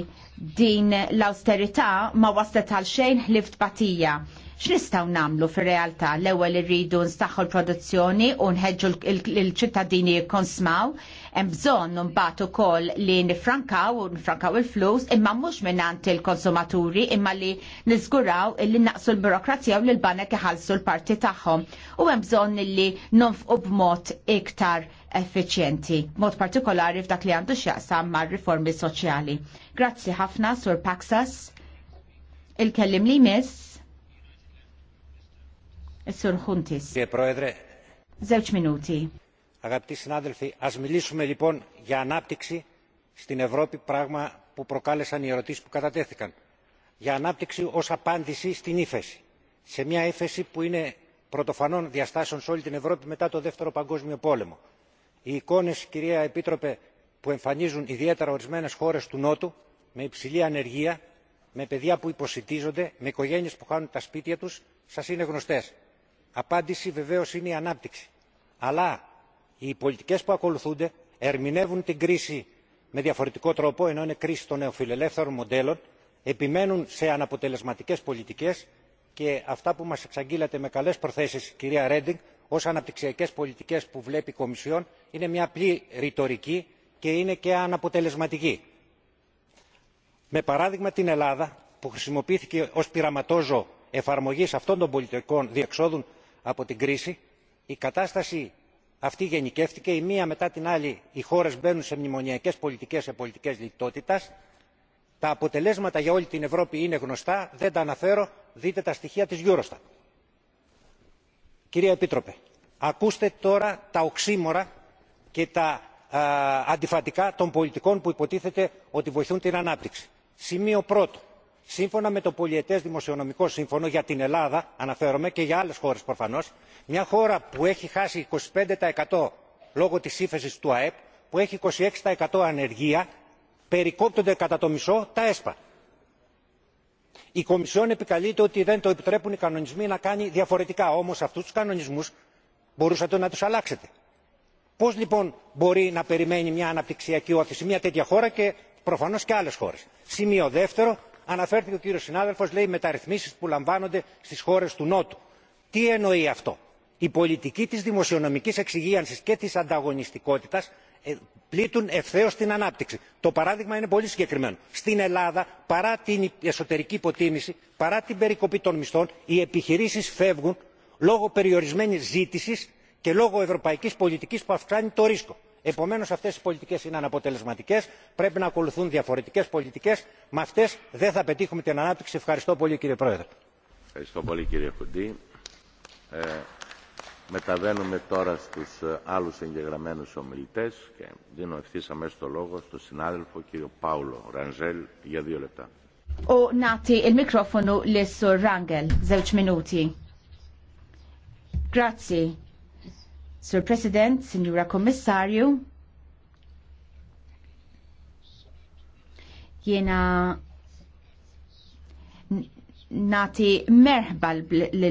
din l-austerità ma waslet għal xejn ħlift batija. X'nistgħu nagħmlu fir-realtà l-ewwel irridu nstaħħu l-produzzjoni u nħeġġu l-ċittadini jikkonsmaw, hemm bżonn mbagħad ukoll li nifrankaw u nifrankaw il-flus imma mhux mingħand il-konsumaturi imma li niżguraw illi naqsu l-burokrazija u l-banek iħallsu l-parti tagħhom. U hemm bżonn li nonfqu b'mod iktar effiċjenti, mod partikolari f'dak li għandu x'jaqsam ma' riformi soċjali. Grazzi ħafna, Sur Paxas. Il-kellim li miss. Sur Huntis. Zewċ minuti. Αγαπητοί συνάδελφοι, α μιλήσουμε λοιπόν για ανάπτυξη στην Ευρώπη, πράγμα που προκάλεσαν οι ερωτήσει που κατατέθηκαν. Για ανάπτυξη ω απάντηση στην ύφεση. Σε μια ύφεση που είναι πρωτοφανών διαστάσεων σε όλη την Ευρώπη μετά το Δεύτερο Παγκόσμιο Πόλεμο οι εικόνες κυρία επίτροπε που εμφανίζουν ιδιαίτερα ορισμένες χώρες του νότου με υψηλή ανεργία με παιδιά που υποσυτίζονται με οικογένειες που χάνουν τα σπίτια τους σας είναι γνωστές. απάντηση βεβαίως είναι η ανάπτυξη αλλά οι πολιτικές που ακολουθούνται ερμηνεύουν την κρίση με διαφορετικό τρόπο ενώ είναι κρίση των νεοφιλελεύθερων μοντέλων επιμένουν σε αναποτελεσματικές πολιτικές και αυτά που μας εξαγγείλατε με καλές προθέσεις κυρία Ρέντινγκ ως αναπτυξιακές πολιτικές που βλέπει η Κομισιόν είναι μια απλή ρητορική και είναι και αναποτελεσματική. Με παράδειγμα την Ελλάδα που χρησιμοποιήθηκε ως πειραματόζω εφαρμογής αυτών των πολιτικών διεξόδων από την κρίση, η κατάσταση αυτή γενικεύτηκε, η μία μετά την άλλη οι χώρες μπαίνουν σε μνημονιακές πολιτικές, σε πολιτικές λιτότητας. Τα αποτελέσματα για όλη την Ευρώπη είναι γνωστά, δεν τα αναφέρω, δείτε τα στοιχεία της Eurostat Κυρία Επίτροπε, ακούστε τώρα τα οξύμορα και τα αντιφατικά των πολιτικών που υποτίθεται ότι βοηθούν την ανάπτυξη. Σημείο πρώτο. Σύμφωνα με το πολιετέ δημοσιονομικό σύμφωνο για την Ελλάδα, αναφέρομαι και για άλλε χώρε προφανώ, μια χώρα που έχει χάσει 25% λόγω τη ύφεση του ΑΕΠ, που έχει 26% ανεργία, περικόπτονται κατά το μισό τα ΕΣΠΑ η κομισιόν επικαλείται ότι δεν το επιτρέπουν οι κανονισμοί να κάνει διαφορετικά όμως αυτούς τους κανονισμούς μπορούσατε να τους αλλάξετε. Πώς λοιπόν μπορεί να περιμένει μια αναπτυξιακή όθηση μια τέτοια χώρα και προφανώς και άλλες χώρες. Σημείο δεύτερο, αναφέρθηκε ο κύριος συνάδελφος, λέει μεταρρυθμίσεις που λαμβάνονται στις χώρες του Νότου. Τι εννοεί αυτό. Η πολιτική της δημοσιονομικής εξυγίανσης και της ανταγωνιστικότητας πλήττουν ευθέω την ανάπτυξη. Το παράδειγμα είναι πολύ συγκεκριμένο. Στην Ελλάδα, παρά την εσωτερική υποτίμηση, παρά την περικοπή των μισθών, οι επιχειρήσει φεύγουν λόγω περιορισμένη ζήτηση και λόγω ευρωπαϊκή πολιτική που αυξάνει το ρίσκο. Επομένω, αυτέ οι πολιτικέ είναι αναποτελεσματικέ, πρέπει να ακολουθούν διαφορετικέ πολιτικέ, με αυτέ δεν θα πετύχουμε την ανάπτυξη. Ευχαριστώ πολύ κύριε Πρόεδρε. Ευχαριστώ πολύ κύριε Κουντή. Μεταβαίνουμε τώρα στους άλλους εγγεγραμμένους ομιλητές και δίνω ευθύς αμέσως το λόγο στον συνάδελφο κύριο Πάουλο Ρανζέλ για δύο λεπτά. U nati il-mikrofonu l-Sur Rangel, zewċ minuti. Grazzi, Sur President, Signora Kommissarju. Jena nati merħba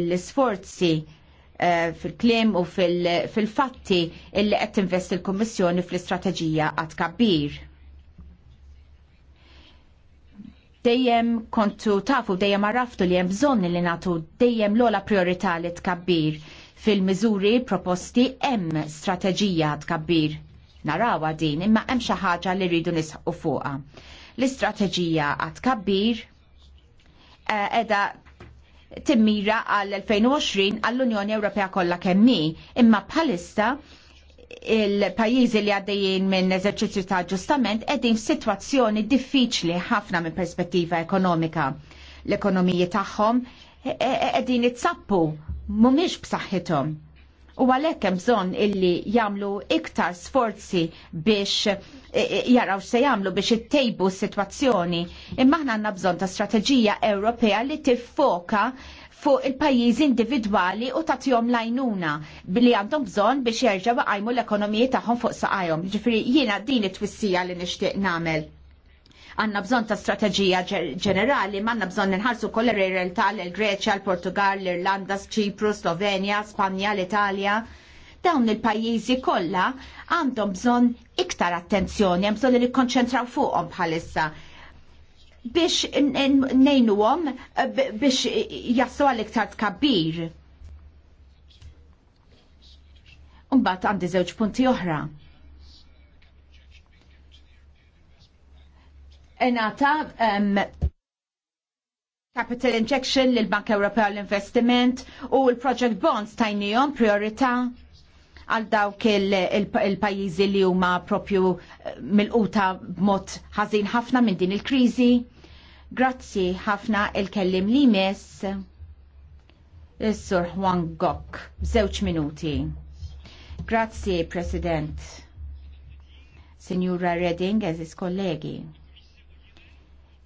l-sforzi Eh, fil-klim u fil-fatti illi qed tinvest il-Kummissjoni fl-istrateġija għad kabbir. Dejjem kontu tafu dejjem għarraftu li hemm bżonn li nagħtu dejjem l-ola priorità li tkabbir fil-miżuri proposti hemm strateġija tkabbir. Narawa din imma hemm xi ħaġa li rridu nisħu fuqha. L-istrateġija għad kabbir eh, edha timmira għall-2020 għall-Unjoni Ewropea kollha kemmi. Imma bħalissa il-pajjiżi li għaddejjin minn eżerċizzju ta' ġustament qegħdin f'sitwazzjoni diffiċli ħafna minn perspettiva ekonomika. L-ekonomiji tagħhom e-, e-, e-, qegħdin itzappu mhumiex b'saħħithom u għalhekk hemm bżonn illi jagħmlu iktar sforzi biex e, e, jaraw se jagħmlu biex ittejbu s-sitwazzjoni. Imma aħna għandna bżonn ta' strateġija Ewropea li tiffoka fuq il-pajjiżi individwali u tagħtihom lajnuna billi għandhom bżonn biex jerġgħu għajmu l-ekonomiji tagħhom fuq saqajhom. Ġifieri jiena din it-twissija li nixtieq nagħmel. Għanna bżon ta' strategija ġenerali, ma' għanna bżon nħarsu r realtà l-Greċja, l-Portugal, l-Irlanda, ċipru, Slovenja, Spanja, l-Italja. Dawn il-pajjiżi kollha għandhom bżon iktar attenzjoni, hemm bżonn li konċentraw fuqhom bħalissa biex għom eh, biex jassu għal-iktar tkabbir. Umbat għandi żewġ punti oħra enata um, capital injection lil bank Ewropew l-investiment u l-project bonds tajnijom priorità għal dawk il-pajjiżi li huma propju eh, mil-quta b'mod ħażin ħafna minn din il-kriżi. Grazzi ħafna il-kellim li mess. Is-Sur Juan Gok, żewġ minuti. Grazzi, President. Signora Redding, eżis kollegi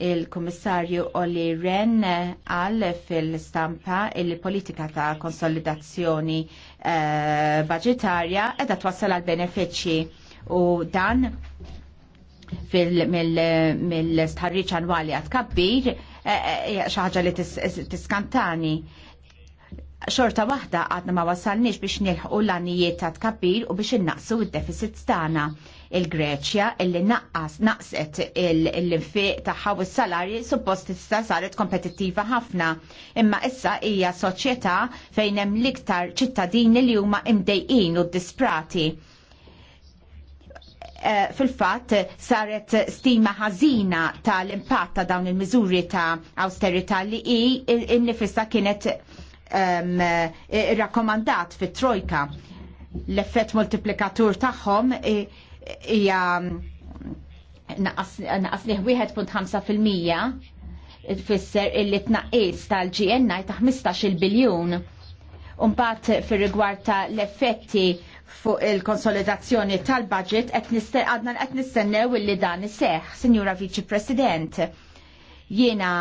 Il-Kummissarju Olli Ren għal fil-stampa il-politika ta' konsolidazzjoni eh, budgetarja edha twassal għal benefiċċji u dan mill-starriċ annwali għad kabbir eh, eh, xaħġa li tiskantani. Xorta waħda għadna ma wasalniex biex nilħu l-għanijiet ta' tkabbir u biex innaqsu id-deficit tagħna il-Greċja illi naqqas naqset l-infiq tagħha u s-salarji suppost issa saret kompetittiva ħafna imma issa hija soċjetà fejn hemm l-iktar ċittadini li huma imdejqin u disprati eh, fil-fat saret stima ħażina tal-impatt ta' dawn il-miżuri ta' austerità li hi innifissa kienet um, rakkomandat fit-trojka. L-effett multiplikatur tagħhom hija mm, naqas liħ 1.5% tfisser illi tnaqqis tal-GNI ta' 15 biljun. Umbat fir rigward ta' l-effetti fuq il-konsolidazzjoni tal-budget għadna qed nistennew illi dan iseħħ, Sinjura Viċi President. Jiena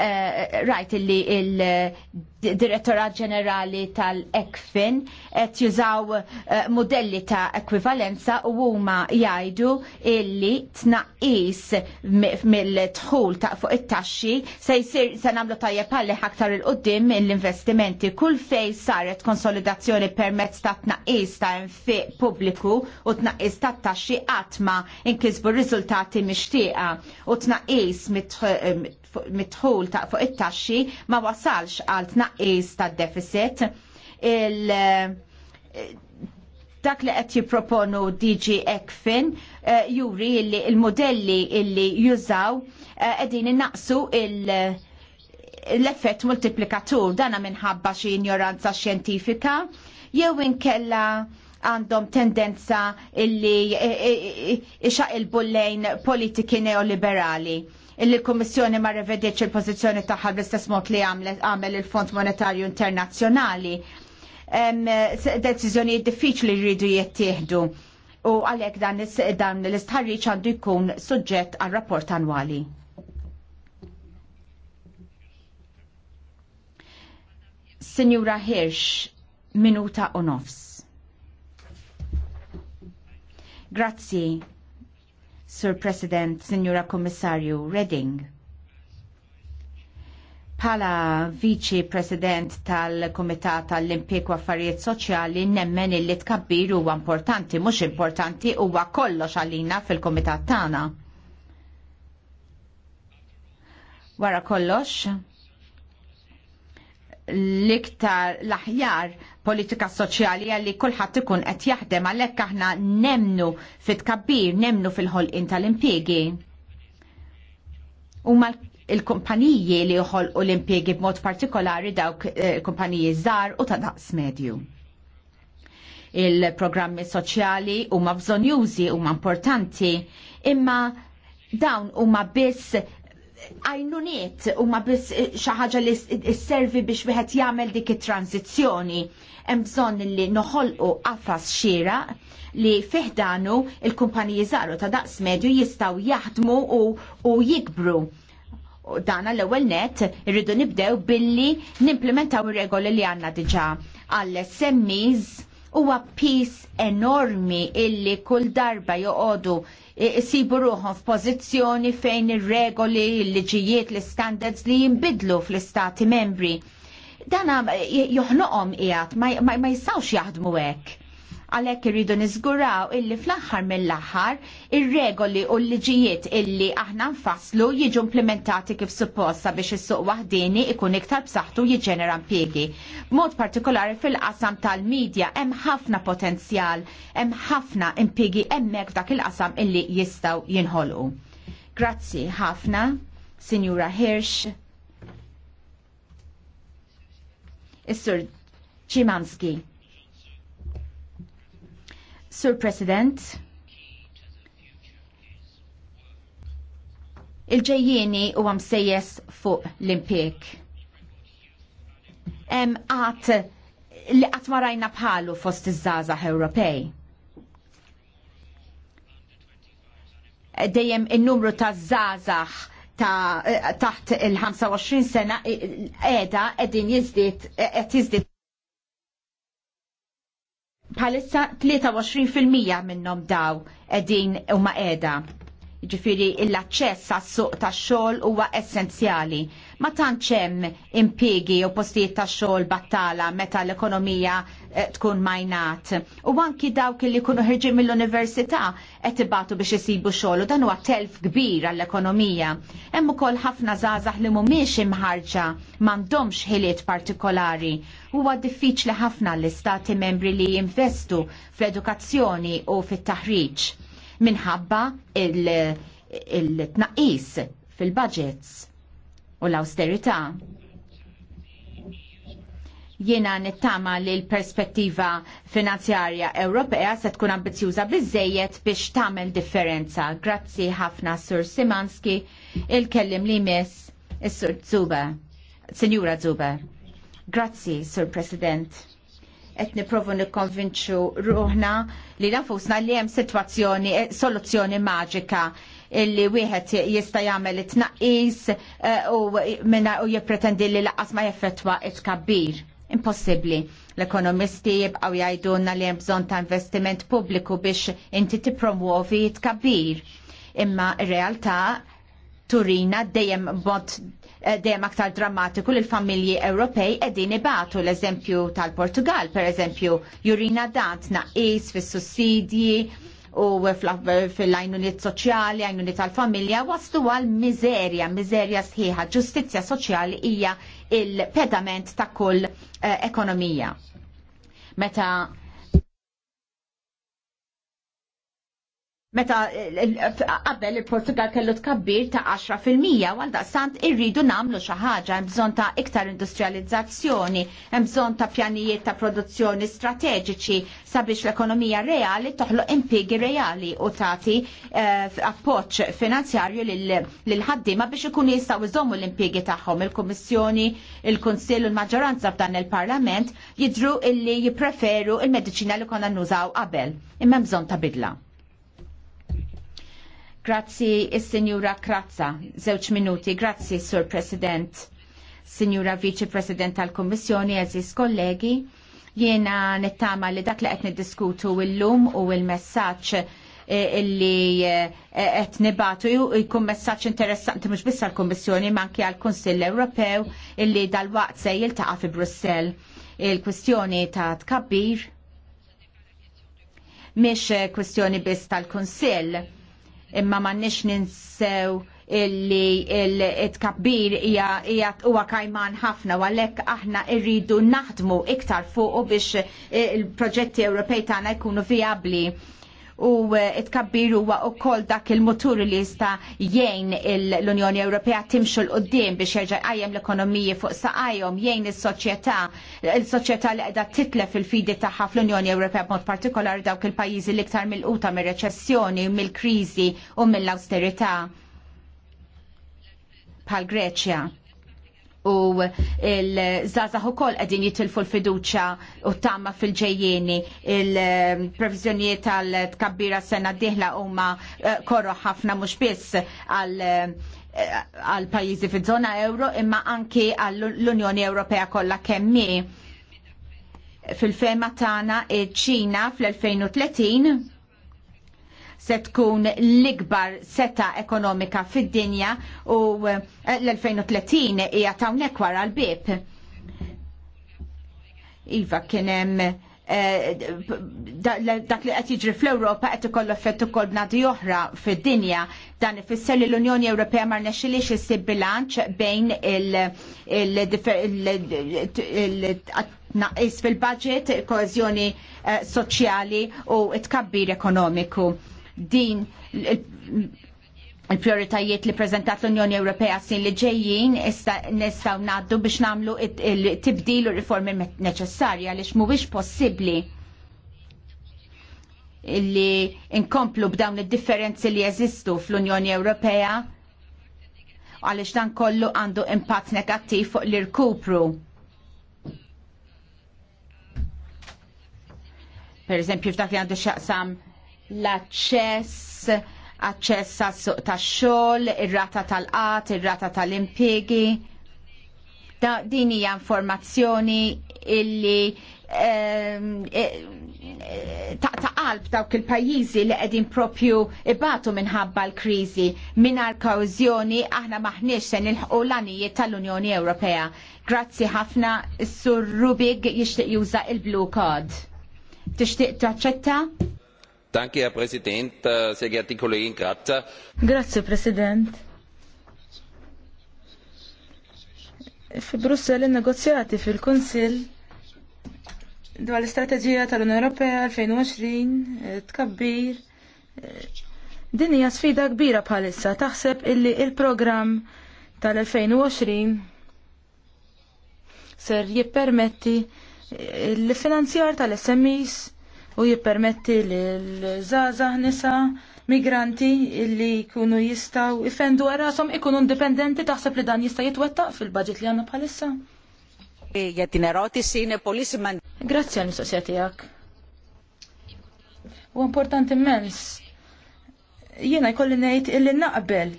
Eh, rajt illi il-Direttorat Ġenerali tal-ECFIN qed jużaw eh, modelli ta' ekvivalenza u huma jgħidu illi tnaqqis mill-tħul ta' fuq it-taxxi se jsir se nagħmlu tajjeb għalli aktar il-qudiem mill-investimenti kull fej saret konsolidazzjoni permezz ta' tnaqis ta' infiq pubbliku u tnaqqis ta' taxxi qatt ma inkisbu r-riżultati mixtieqa u tnaqqis mitħul ta' fuq it-taxxi ma wasalx għal tnaqqis tad deficit il eh, dak li qed jipproponu DG Ekfin uh, eh, juri li il-modelli illi jużaw eh, qegħdin uh, innaqsu il- l-effett multiplikatur dana minħabba xi ignoranza xjentifika jew inkella għandhom tendenza illi ixaq il-bullejn politiki neoliberali il-Kommissjoni ma revediċ il-pozizjoni taħħa bl-istess mod li għamel il-Fond Monetarju Internazzjonali. Deċiżjoni diffiċli jridu jittieħdu u għalhekk dan l-istħarriċ għandu jkun suġġett għal rapport annwali. Signora Hirsch, minuta u nofs. Grazzi. Sur President, Signora Kommissarju Redding. Pala Viċi President tal-Komitat tal-Impjeg Affarijiet Soċjali nemmen illi tkabbir huwa importanti, mhux importanti huwa kollox għalina fil-Komitat tagħna. Wara kollox, l-iktar l-aħjar politika soċjali għalli kullħat ikun qed jaħdem għalhekk aħna nemnu fit-kabbir, nemnu fil-ħolqin tal-impjegi. U il-kumpaniji li joħolqu l-impjegi b'mod partikolari dawk eh, kumpaniji żgħar u ta' daqs medju. Il-programmi soċjali huma bżonjużi huma importanti imma dawn huma biss għajnuniet u ma biss eh, xaħġa li s-servi eh, biex wieħed jagħmel dik it-tranzizzjoni. Hemm bżonn li noħolqu qafas xira li fiħdanu il-kumpaniji żgħar ta' daqs medju jistgħu jaħdmu u, u jikbru. U dana l-ewwel net irridu nibdew billi nimplementaw ir-regoli li għandna diġà għall-SMEs huwa pis enormi illi kull darba joqogħdu isibu ruħhom f'pożizzjoni fejn ir-regoli, l-liġijiet, l-standards li jinbidlu fl-istati membri. Dana joħnoqhom qiegħed ma, ma jistgħux jaħdmu hekk. Għalhekk irridu niżguraw illi fl-aħħar mill-aħħar ir-regoli u l-liġijiet illi aħna nfasslu jiġu implementati kif supposta biex is-suq waħdini ikun iktar b'saħħtu jiġġenera impjiegi. B'mod partikolari fil-qasam tal-medja hemm ħafna potenzjal, hemm ħafna impjiegi hemmhekk dak il-qasam illi jistgħu jinħolqu. Grazzi ħafna, Sinjura Hirsch. Is-Sur Cimanski. Sir President, il-ġejjieni u għam sejjes fuq l impiek Em għat li għat marajna bħalu fost iż-żaza Ewropej. Dejjem il-numru ta' zazax ta' taħt il-25 sena edha edin jizdit, edin jizdit Palissa 23% minnom daw edin u ma' edha ġifiri l-aċċess għas suq tax xogħol huwa essenzjali. Ma tantx hemm impjiegi u postijiet tax xogħol battala meta l-ekonomija eh, tkun majnat. U anki dawk li jkunu ħirġin mill-università qed ibatu biex isibu xogħol u dan huwa telf kbir għall-ekonomija. Hemm ukoll ħafna żgħażagħ li mhumiex imħarġa m'għandhomx ħiliet partikolari. Huwa diffiċli ħafna l-istati membri li jinvestu fl-edukazzjoni u fit-taħriġ minħabba il-tnaqis il tnaqis fil budgets u l austerita Jiena nittama li l-perspettiva finanzjarja Ewropea se tkun ambizjuża biżejjed biex tagħmel differenza. Grazzi ħafna Sur Simanski, il-kellim li miss is-Sur Zuber. Sinjura Zuber. Grazzi, Sur President qed niprovu nikkonvinċu ruħna li nafusna li hemm sitwazzjoni eh, soluzzjoni maġika illi wieħed jista' jagħmel it-tnaqqis eh, u minna u jippretendi li laqas ma jeffettwa it-kabbir. Impossibbli. L-ekonomisti jibqgħu jgħidulna li hemm bżonn ta' investiment pubbliku biex inti tippromuovi it kabbir Imma r realtà Turina dejjem mod eh, dejjem aktar drammatiku li l-familji Ewropej qegħdin ibatu l-eżempju tal-Portugal, per eżempju, jurina dant naqis fis-sussidji u fil-għajnuniet soċjali, għajnuniet tal-familja, waslu għal miżerja, miżerja sħiħa, ġustizzja soċjali hija il-pedament ta' kull eh, ekonomija. Meta Meta eh, eh, qabel il-Portugal kellu tkabbir ta' 10% għal daqstant irridu namlu xi ħaġa hemm bżonn ta' iktar industrializzazzjoni, hemm bżonn ta' pjanijiet ta' produzzjoni strateġiċi sabiex l-ekonomija reali toħloq impjiegi reali u tagħti eh, appoġġ finanzjarju lil ħaddiema biex ikunu jistgħu iżommu l-impjiegi tagħhom il-Kummissjoni, il-Kunsill u l-maġġoranza f'dan il-Parlament jidru illi jippreferu il-mediċina li konna nużaw qabel. Imma bżonn ta' bidla. Grazzi is-Sinjura Krazza, żewġ minuti. Grazzi, Sur President. Signora Vice President tal-Kommissjoni, eżis kollegi, jiena nittama li dak li qed niddiskutu lum u il-messaġġ eh, illi eh, qed nibatu jkun messaġġ interessanti mhux biss l kummissjoni ma anke għall-Kunsill Ewropew illi dalwaqt se jiltaqa' fi Brussell. Il-kwistjoni ta' tkabbir mish kwistjoni biss tal-Kunsill imma m'għandniex ninsew illi il-tkabbir hija huwa kajman ħafna u għalhekk aħna rridu naħdmu iktar fuq u biex il-proġetti Ewropej tagħna jkunu vijabbli u eh, tkabbir huwa wkoll dak il mutur li jista' jgħin l-Unjoni Ewropea timxu l qudiem biex jerġa' qajjem l-ekonomiji fuq saqajhom jgħin is-soċjetà il-soċjetà li qiegħda titlef il-fidi tagħha fl-Unjoni Ewropea b'mod partikolari dawk il-pajjiżi li iktar mill-quta mir-reċessjoni, mill-kriżi u mill-austerità bħal Greċja u il żazax u koll għedin jitilfu l-fiduċa u tama fil-ġejjeni il-previżjonijiet tal-tkabbira sena diħla u ma eh, korro ħafna mux biss għal eh, għal pajizi fi zona euro imma anki għall-Unjoni Ewropea kollha kemmi fil-fema tagħna ċ-Ċina fl-2030 se tkun l-ikbar seta ekonomika fid-dinja u l-2030 hija tawnek wara l-bib. Iva kien hemm dak li qed jiġri fl-Ewropa qed ikollu effett ukoll b'nadi oħra fid-dinja dan ifisser li l-Unjoni Ewropea ma rnexxilix issib bilanċ bejn il-naqis fil-budget, koeżjoni soċjali u tkabbir ekonomiku din il-prioritajiet li prezentat l-Unjoni Ewropea sin li ġejjin nistgħu ngħaddu biex nagħmlu il-tibdil u riformi neċessarja għaliex mhuwiex possibbli li inkomplu b'dawn id-differenzi li jeżistu fl-Unjoni Ewropea għaliex dan kollu għandu impatt negattiv fuq l-irkupru. Per eżempju, f'dak li għandu xaqsam l-aċċess, aċċess għas-suq tax-xogħol, ir-rata tal-qat, ir-rata tal-impjegi. Din hija informazzjoni illi ehm, e, ta' qalb dawk il-pajjiżi li qegħdin propju ibatu minħabba l-kriżi mingħajr kawżjoni aħna maħniex se nilħqu l-għanijiet tal-Unjoni Ewropea. Grazzi ħafna s-sur Rubik jixtieq juża il-Blue Card. Tixtieq taċċetta? Danke, Herr Präsident, äh, sehr geehrte Kollegin Kratzer. Grazie, Präsident. Fi Brussel il-negozjati fil-Konsil dwar l-istrateġija tal-Unjoni Ewropea 2020 eh, tkabbir. Eh, din hija sfida kbira bħalissa taħseb illi il-programm tal-2020 ser jippermetti l-finanzjar tal-SMEs u jippermetti li l-żazah nisa migranti illi jkunu jistaw ifendu għarasom ikunu indipendenti taħseb li dan jista' jitwettaq fil-budget li għandna bħalissa. Eh, Grazzi għal mistoqsija tiegħek. U importanti immens. Jiena jkolli ngħid illi naqbel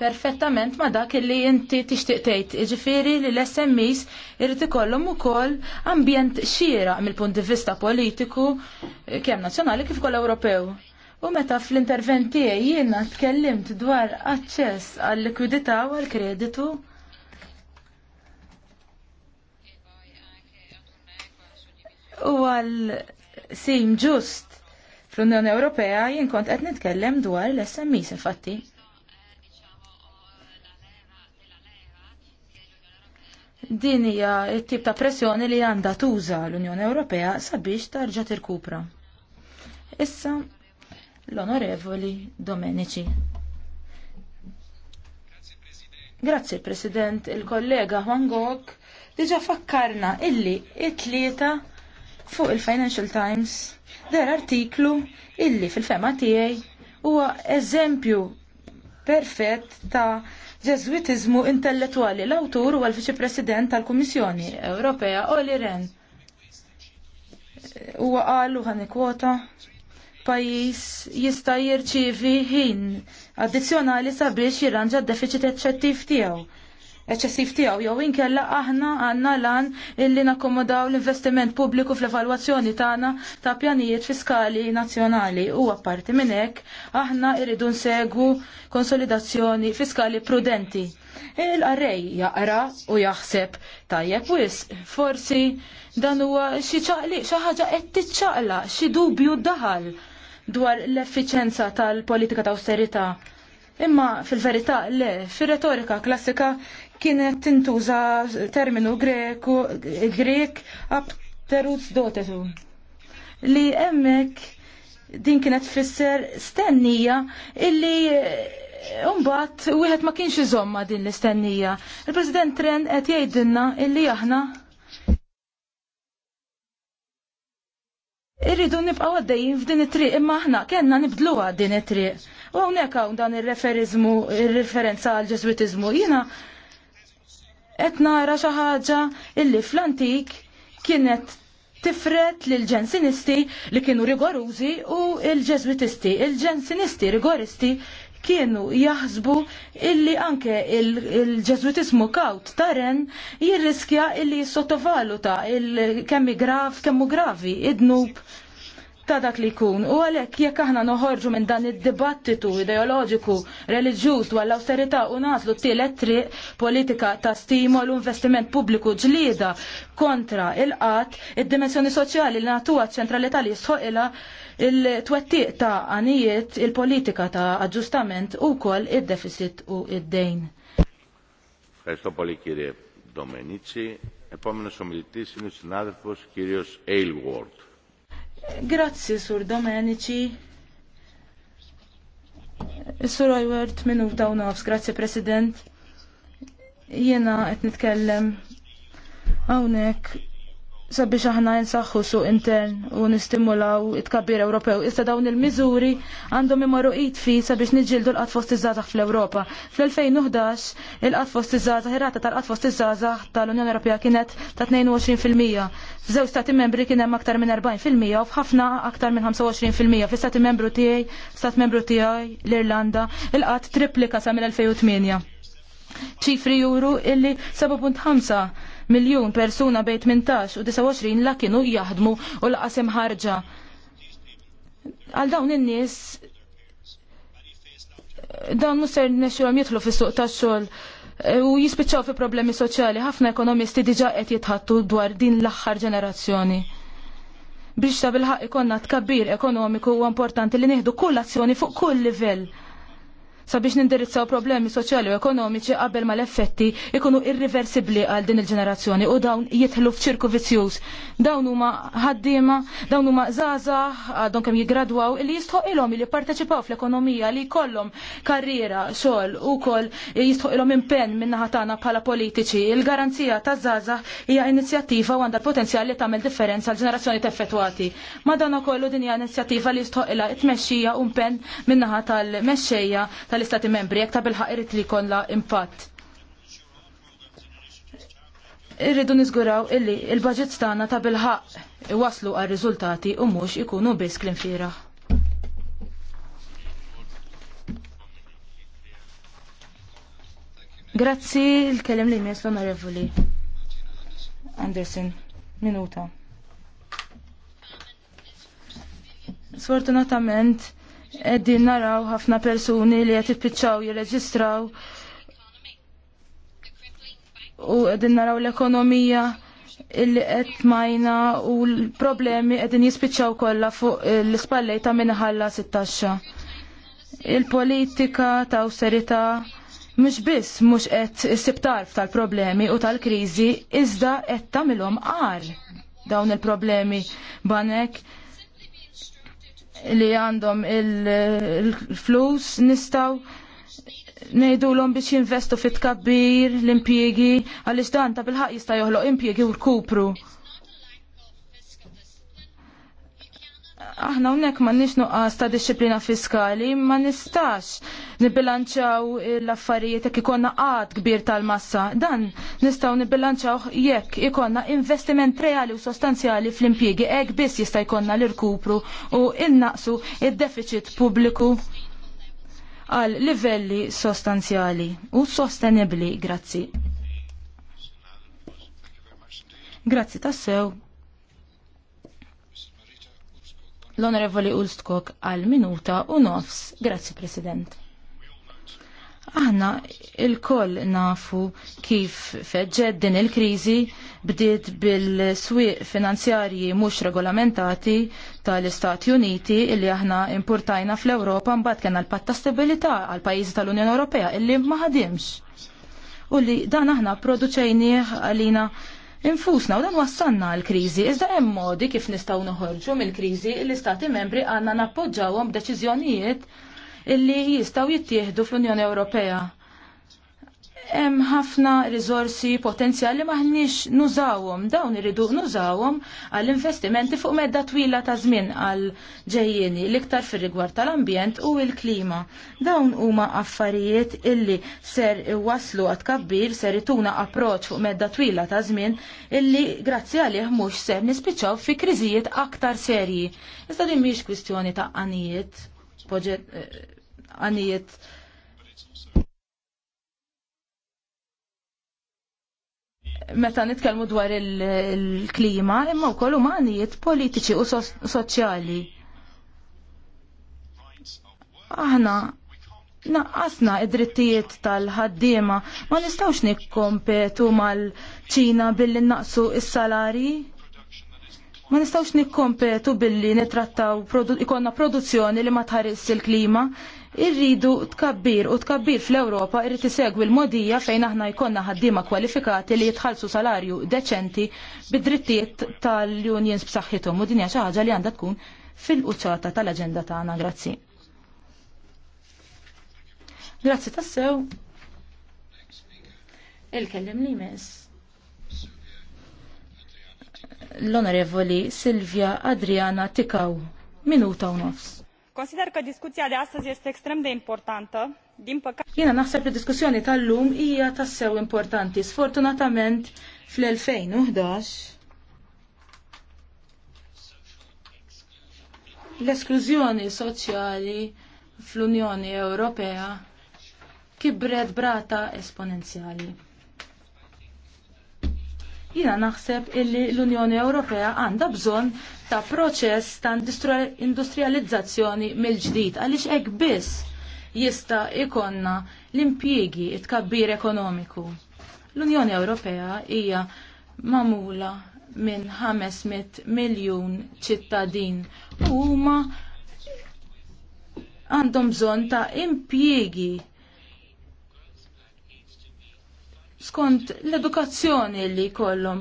perfettament ma dak li inti tixtieq tgħid. Jiġifieri li l-SMEs irid ikollhom ukoll ambjent xieraq mill-punt di vista politiku eh, kemm nazzjonali kif ukoll Ewropew. U meta fl-intervent tiegħi jiena tkellimt dwar aċċess għal likwidità u għal kreditu. U għal sim ġust fl-Unjoni Ewropea jien kont qed nitkellem dwar l-SMEs infatti. Din hija t-tip ta' pressjoni li għandha tuża l-Unjoni Ewropea sabiex tarġa' tirkupra. Issa l-Onorevoli Domenici. Grazzi President, il-kollega Juan Gok diġa fakkarna illi it-tlieta fuq il-Financial Times der artiklu illi fil-fema tiegħi huwa eżempju perfett ta' ġeżwitiżmu intellettwali. L-awtur u l-Viċi President tal-Kummissjoni Ewropea Oli Ren. Huwa qal u kwota pajis jista' jirċievi ħin addizzjonali sabiex jirranġa d-deficit eċċettiv tiegħu eċessiv tiegħu jew inkella aħna għandna lan illi nakkomodaw l-investiment pubbliku fl-evalwazzjoni tagħna ta' pjanijiet fiskali nazzjonali u għaparti minn hekk aħna rridu nsegu konsolidazzjoni fiskali prudenti. Il-qarrej jaqra u jaħseb tajjeb wis, forsi dan huwa xi ċaqli, xi ħaġa qed tiċċaqla, xi dubju daħal dwar l-effiċenza tal-politika ta' austerità. Imma fil-verità le, fil-retorika klassika kienet tintuża terminu greku, grek apterus dotetu. Li emmek din kienet fisser stennija illi eh, Umbat, wieħed ma kienx iżomma din l-istennija. Il-President Tren qed jgħidilna illi aħna Irridu nibqgħu għaddejjin f'din it-triq imma aħna kellna nibdluha din it-triq. U hawnhekk hawn dan ir-referizmu, ir-referenza għal ġesuitiżmu Jiena qed nara xi ħaġa illi fl-antik kienet tifret lill ġensinisti li kienu rigorużi u l ġeżwitisti Il-ġensinisti rigoristi kienu jaħsbu illi anke il ġeżwitismu kawt kaut taren jirriskja illi sottovaluta il-kemmi graf, kemmu gravi id-nub ta' dak li jkun. U għalhekk jekk aħna noħorġu minn dan id-dibattitu ideoloġiku, reliġjuż dwar l-awsterità u naslu tielet triq politika ta' stimolu investiment pubbliku ġlieda kontra il-qatt, id-dimensjoni soċjali li nagħtuha ċentralità li jisħoqilha il-twettiq ta' għanijiet il-politika ta' aġġustament u kol il-deficit u id-dejn. Ευχαριστώ πολύ κύριε Ντομενίτσι. Επόμενος ομιλητής είναι ο συνάδελφος κύριος Aylward. Grazzi, Sur Domenici. Sur Ajwert, minuta u nofs, grazzi, President. Jena qed nitkellem hawnhekk sabiex aħna nsaħħu suq intern u nistimulaw it-kabir Ewropew. Issa dawn il-miżuri għandhom imorru fi sabiex niġildu l-qatfost iż fl-Ewropa. Fl-2011 il-qatfost iż-żazax, irrata tal-qatfost iż tal-Unjoni Ewropea kienet ta' 22%. F'żewġ stati membri kien hemm aktar minn 40% u f'ħafna aktar minn 25%. fl stati membru tiegħi, stat membru tiegħi l-Irlanda, il qat triplika sa mill-2008. Ċifri juru illi 7.5 miljun persuna bejn 18 u 29 la kienu jaħdmu u laqasem ħarġa. Għal dawn in-nies dawn musser nexxilhom jidħlu fis-suq tax-xogħol e, u jispiċċaw fi problemi soċjali. Ħafna ekonomisti diġa' qed jitħattu dwar din l-aħħar ġenerazzjoni. Biex ta' bil-ħaq ikonna tkabbir ekonomiku u importanti li nieħdu kull azzjoni fuq kull livell sabiex nindirizzaw problemi soċjali u ekonomiċi qabel ma l-effetti ikunu irriversibli għal din il-ġenerazzjoni u dawn jitħlu f'ċirku vizzjuż. Dawn huma ħaddiema, dawn huma żgħażagħ għadhom kemm jiggradwaw illi jistħoq ilhom li jipparteċipaw fl-ekonomija li jkollhom karriera, xogħol ukoll jistħoq ilhom impenn min-naħa tagħna bħala politiċi. Il-garanzija ta' żgħażagħ hija inizjattiva u għandha l-potenzjal li tagħmel differenza għal ġenerazzjoni teffettwati. Madonna kollu din hija inizjattiva li jistħoq ilha tmexxija u impenn min-naħa tal-mexxejja tal tal-Istati membri jekk ta' bilħaq irrit li jkollha impatt. Irridu niżguraw illi il-budget stana ta' bilħaq waslu għal riżultati u mhux ikunu biss klim fieraħ. Grazzi l-kelem li jmiss l-onorevoli. Anderson, minuta. Sfortunatament, Eddin naraw ħafna persuni li qed ippiċċaw jirreġistraw u qegħdin naraw l-ekonomija illi qed majna u l-problemi qegħdin jispiċċaw kollha fuq l-ispallej ta' minħalla sittaxxa. Il-politika ta' awsterità mhux biss mhux qed issib tarf tal-problemi u tal-kriżi iżda qed tagħmilhom għar dawn il-problemi banek li għandhom il-flus nistaw nejdu l-om biex jinvestu fit kabbir l-impiegi għal istanta ta' bil-ħak jista' joħloq impiegi u rkupru. aħna unnek ma nix nuqqas ta' disċiplina fiskali, ma nistax nibilanċaw l-affarijiet jekk ikonna għad kbir tal-massa. Dan nistaw nibilanċaw jekk ikonna investiment reali u sostanzjali fl impiegi ek biss jista' jkonna l-irkupru u innaqsu il deficit pubbliku għal livelli sostanzjali u sostenibli, grazzi. Grazzi tassew l-Onorevoli Ulstkok għal minuta u nofs. Grazzi, President. Aħna il-koll nafu kif feġġed din il-krizi bdiet bil-swieq finanzjarji mhux regolamentati tal-Istati Uniti illi aħna importajna fl-Ewropa mbagħad kien l-patta stabilità għal pajjiżi tal-Unjoni Ewropea illi ma ħadimx. U li dan aħna produċejnieh għalina infusna u dan wassanna l-kriżi. Iżda hemm modi kif nistgħu noħorġu mill-kriżi l-istati membri għandna nappoġġawhom b'deċiżjonijiet illi jistgħu jittieħdu fl-Unjoni Ewropea hemm ħafna riżorsi potenzjali maħniex nużawhom, dawn irridu nużawhom għall investimenti fuq medda twila ta' żmien għal ġejjieni l-iktar fir-rigward tal-ambjent u l-klima. Dawn huma affarijiet illi ser iwaslu għad kabbir ser ituna approċċ fuq medda twila ta' żmien illi grazzi għalih mhux ser nispiċċaw fi kriżijiet aktar serji. Iżda din mhix kwistjoni ta' għanijiet, eh, għanijiet meta nitkellmu dwar il-klima, imma wkoll umanijiet politiċi u soċjali. Aħna naqqasna id-drittijiet tal-ħaddiema, ma nistgħux nikkompetu mal-Ċina billi naqsu is-salari Ma nistawx nikkompetu billi nitrattaw produ ikonna produzzjoni li ma tħares il-klima. Irridu tkabbir u tkabbir fl-Ewropa irrid isegwi l-modija fejn aħna jkollna ħaddiema kwalifikati li jitħallsu salarju deċenti bid-drittijiet tal-unions b'saħħithom u dinja xi ħaġa li għandha tkun fil-quċċata tal-aġenda tagħna. Grazzi. Grazzi tassew. Il-kellim li mess l-Onorevoli Silvia Adriana Ticaw. Minuta u nofs. Consider că discuția de astăzi este extrem de importantă. Din păcate... naħseb li diskussjoni tal-lum hija tassew importanti. Sfortunatament fl-2011 l-esklużjoni soċjali fl-Unjoni Ewropea kibret brata esponenzjali. Jiena naħseb illi l-Unjoni Ewropea għandha bżonn ta' proċess ta' industrializzazzjoni mill-ġdid għaliex hekk biss jista' ikonna l-impjiegi tkabbir ekonomiku. L-Unjoni Ewropea hija mamula minn 500 miljun ċittadin u huma għandhom bżonn ta' impjiegi skont l-edukazzjoni li jkollhom.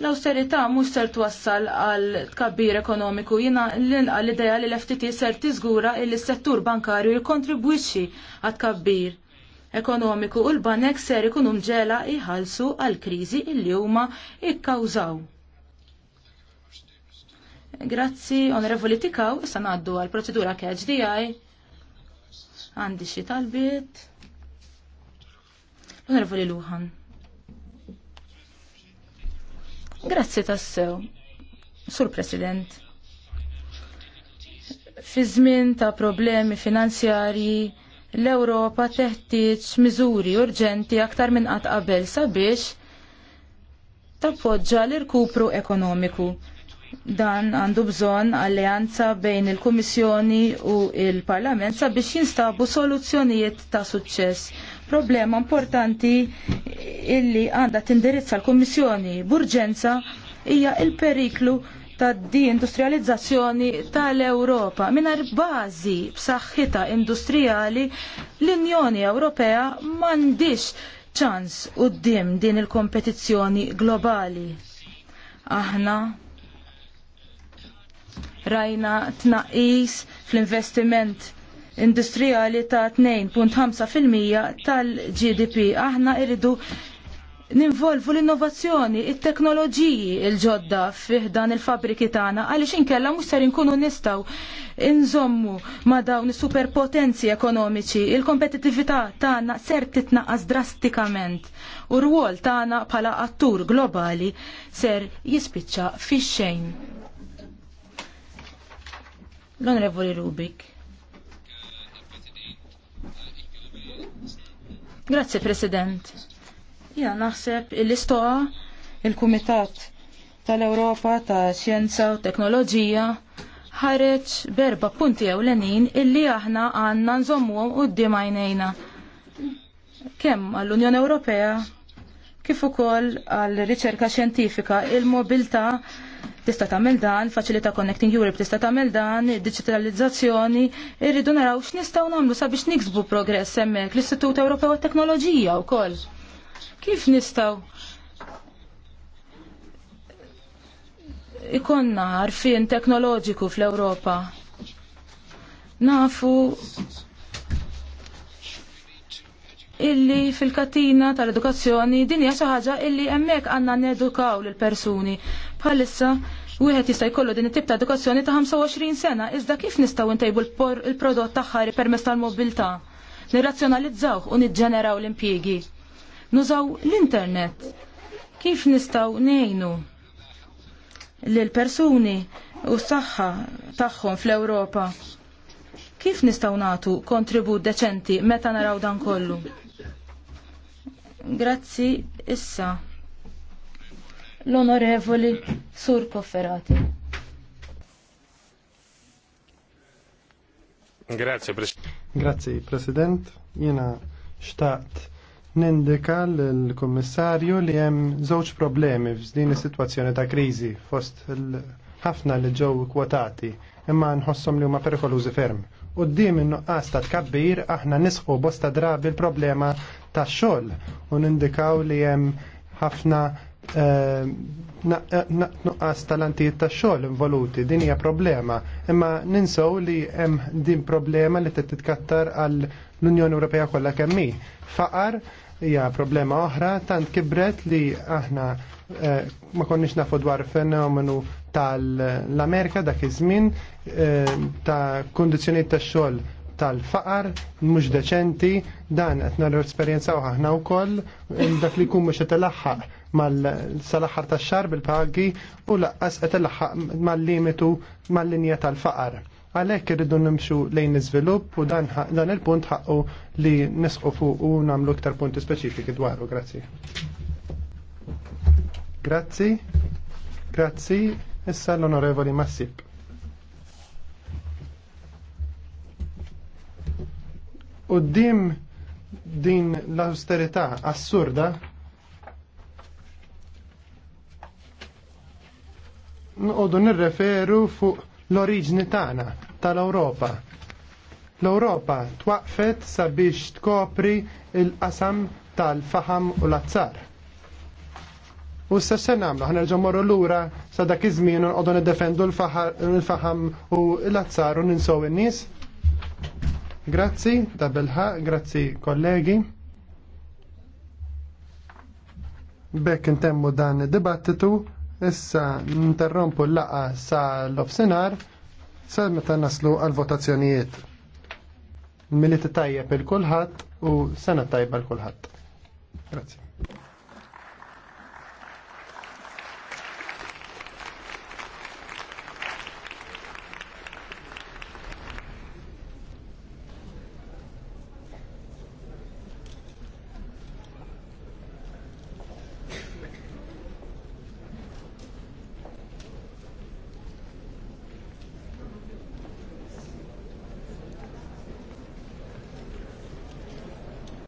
L-austerità mhux ser twassal għal tkabbir ekonomiku jiena l-inqa l-idea li l-FTT ser tiżgura li s-settur bankarju jikkontribwixxi għat tkabbir ekonomiku u l-banek ser ikunu mġela jħallsu għal kriżi illi huma ikkawżaw. Grazzi, onorevoli tikaw, issa ngħaddu għal procedura KHDI. Għandi xi talbiet li Luhan. Grazzi tassew, Sur President. Fi żmien ta' problemi finanzjarji, l-Ewropa teħtieġ miżuri urġenti aktar minn qatt qabel sabiex tappoġġa l-irkupru ekonomiku. Dan għandu bżonn alleanza bejn il-Kummissjoni u il-Parlament sabiex jinstabu soluzzjonijiet ta' suċċess problema importanti illi għandha tindirizza l-Kummissjoni b'urġenza hija il-periklu ta' di-industrializzazzjoni tal-Ewropa. Minar bażi b'saħħitha industrijali l-Unjoni Ewropea m'għandix ċans quddiem din il-kompetizzjoni globali. Aħna rajna tnaqis fl-investiment industrijali ta' 2.5% tal-GDP. Aħna irridu ninvolvu l-innovazzjoni, il teknoloġiji il ġodda fiħdan il-fabriki tagħna għaliex inkella mhux ser inkunu nistgħu inżommu ma dawn superpotenzi ekonomiċi, il-kompetittività tagħna ser titnaqqas drastikament u rwol tagħna bħala attur globali ser jispiċċa fix-xejn. L-Onorevoli Rubik. Grazzi, President. Ja, naħseb il istoqa il-Kumitat tal-Europa ta' Xjenza u Teknoloġija ħareġ berba punti ewlenin illi aħna għanna nżommu u d-dimajnejna. Kemm għall-Unjoni Ewropea kif ukoll għall-riċerka xjentifika il-mobilta' tista' tagħmel dan, faċilità Connecting Europe tista' tagħmel dan, id-diġitalizzazzjoni, irridu naraw x'nistgħu nagħmlu sabiex niksbu progress hemmhekk l-Istitut Ewropew għat-Teknoloġija wkoll. Kif nistgħu ikonna għarfien teknoloġiku fl-Ewropa? Nafu illi fil-katina tal-edukazzjoni din hija xi ħaġa illi hemmhekk għandna nedukaw l persuni. Bħalissa wieħed jista' jkollu din it-tip ta' edukazzjoni ta' 25 sena, iżda kif nistgħu ntejbu l-prodott tagħha permezz tal-mobilità? Nirrazzjonalizzawh u niġġeneraw l-impjiegi. Nużaw l-internet. Kif nistgħu ngħinu l persuni u s-saħħa tagħhom fl-Ewropa? Kif nistgħu nagħtu kontribut deċenti meta naraw dan kollu? Grazzi issa l-onorevoli Sur Cofferati. Grazie, pres Grazie President. Jena xtaqt nindika l-Kommissarju li hemm żewġ problemi f'din is-sitwazzjoni ta' kriżi fost ħafna li ġew kwotati imma nħossom li huma perikolużi ferm. Qudiem in-nuqqas ta' tkabbir aħna nisħu bosta drabi l-problema tax-xogħol u nindikaw li hemm ħafna eh, nuqqas tal-antijiet ta' xogħol involuti, din hija problema. Imma ninsaw li hemm din problema li t titkattar għal l-Unjoni Ewropea kollha kemm hi. Faqar hija problema oħra tant kibret li aħna eh, ma konniex nafu dwar fenomenu tal-Amerika dak iż-żmien eh, ta' kundizzjonijiet ta' xogħol tal-faqar mhux deċenti dan qed narru esperjenzaw aħna wkoll dak li jkun mhux qed ilaħħaq mal sal tax xar bil-pagi u laqqas qed ilaħħaq mal-limitu mal-linja tal-faqar. Għalhekk irridu nimxu lejn iżvilupp u dan, il-punt ħaqqu li nisqu fuq u nagħmlu iktar punti speċifiki dwaru. Grazzi. Grazzi. Grazzi. Issa l-Onorevoli Massib. U dim din l-austerità assurda nqodu nirreferu fuq l-oriġni tagħna tal-Ewropa. L-Ewropa twaqfet sabiex tkopri il-qasam tal-faham u l-azzar. U s se namlu, ħana ġomorru l-ura sa dak iż-żmien nqogħdu niddefendu l-faham u l-azzar u ninsow in-nies. Grazzi, da bilħa, grazzi kollegi. Bekk intemmu dan id-dibattitu, issa ninterrompu l-laqa sa l-ofsenar, sa meta naslu għal-votazzjonijiet. Militi tajja il-kulħat u sena tajba l-kulħat. Grazie.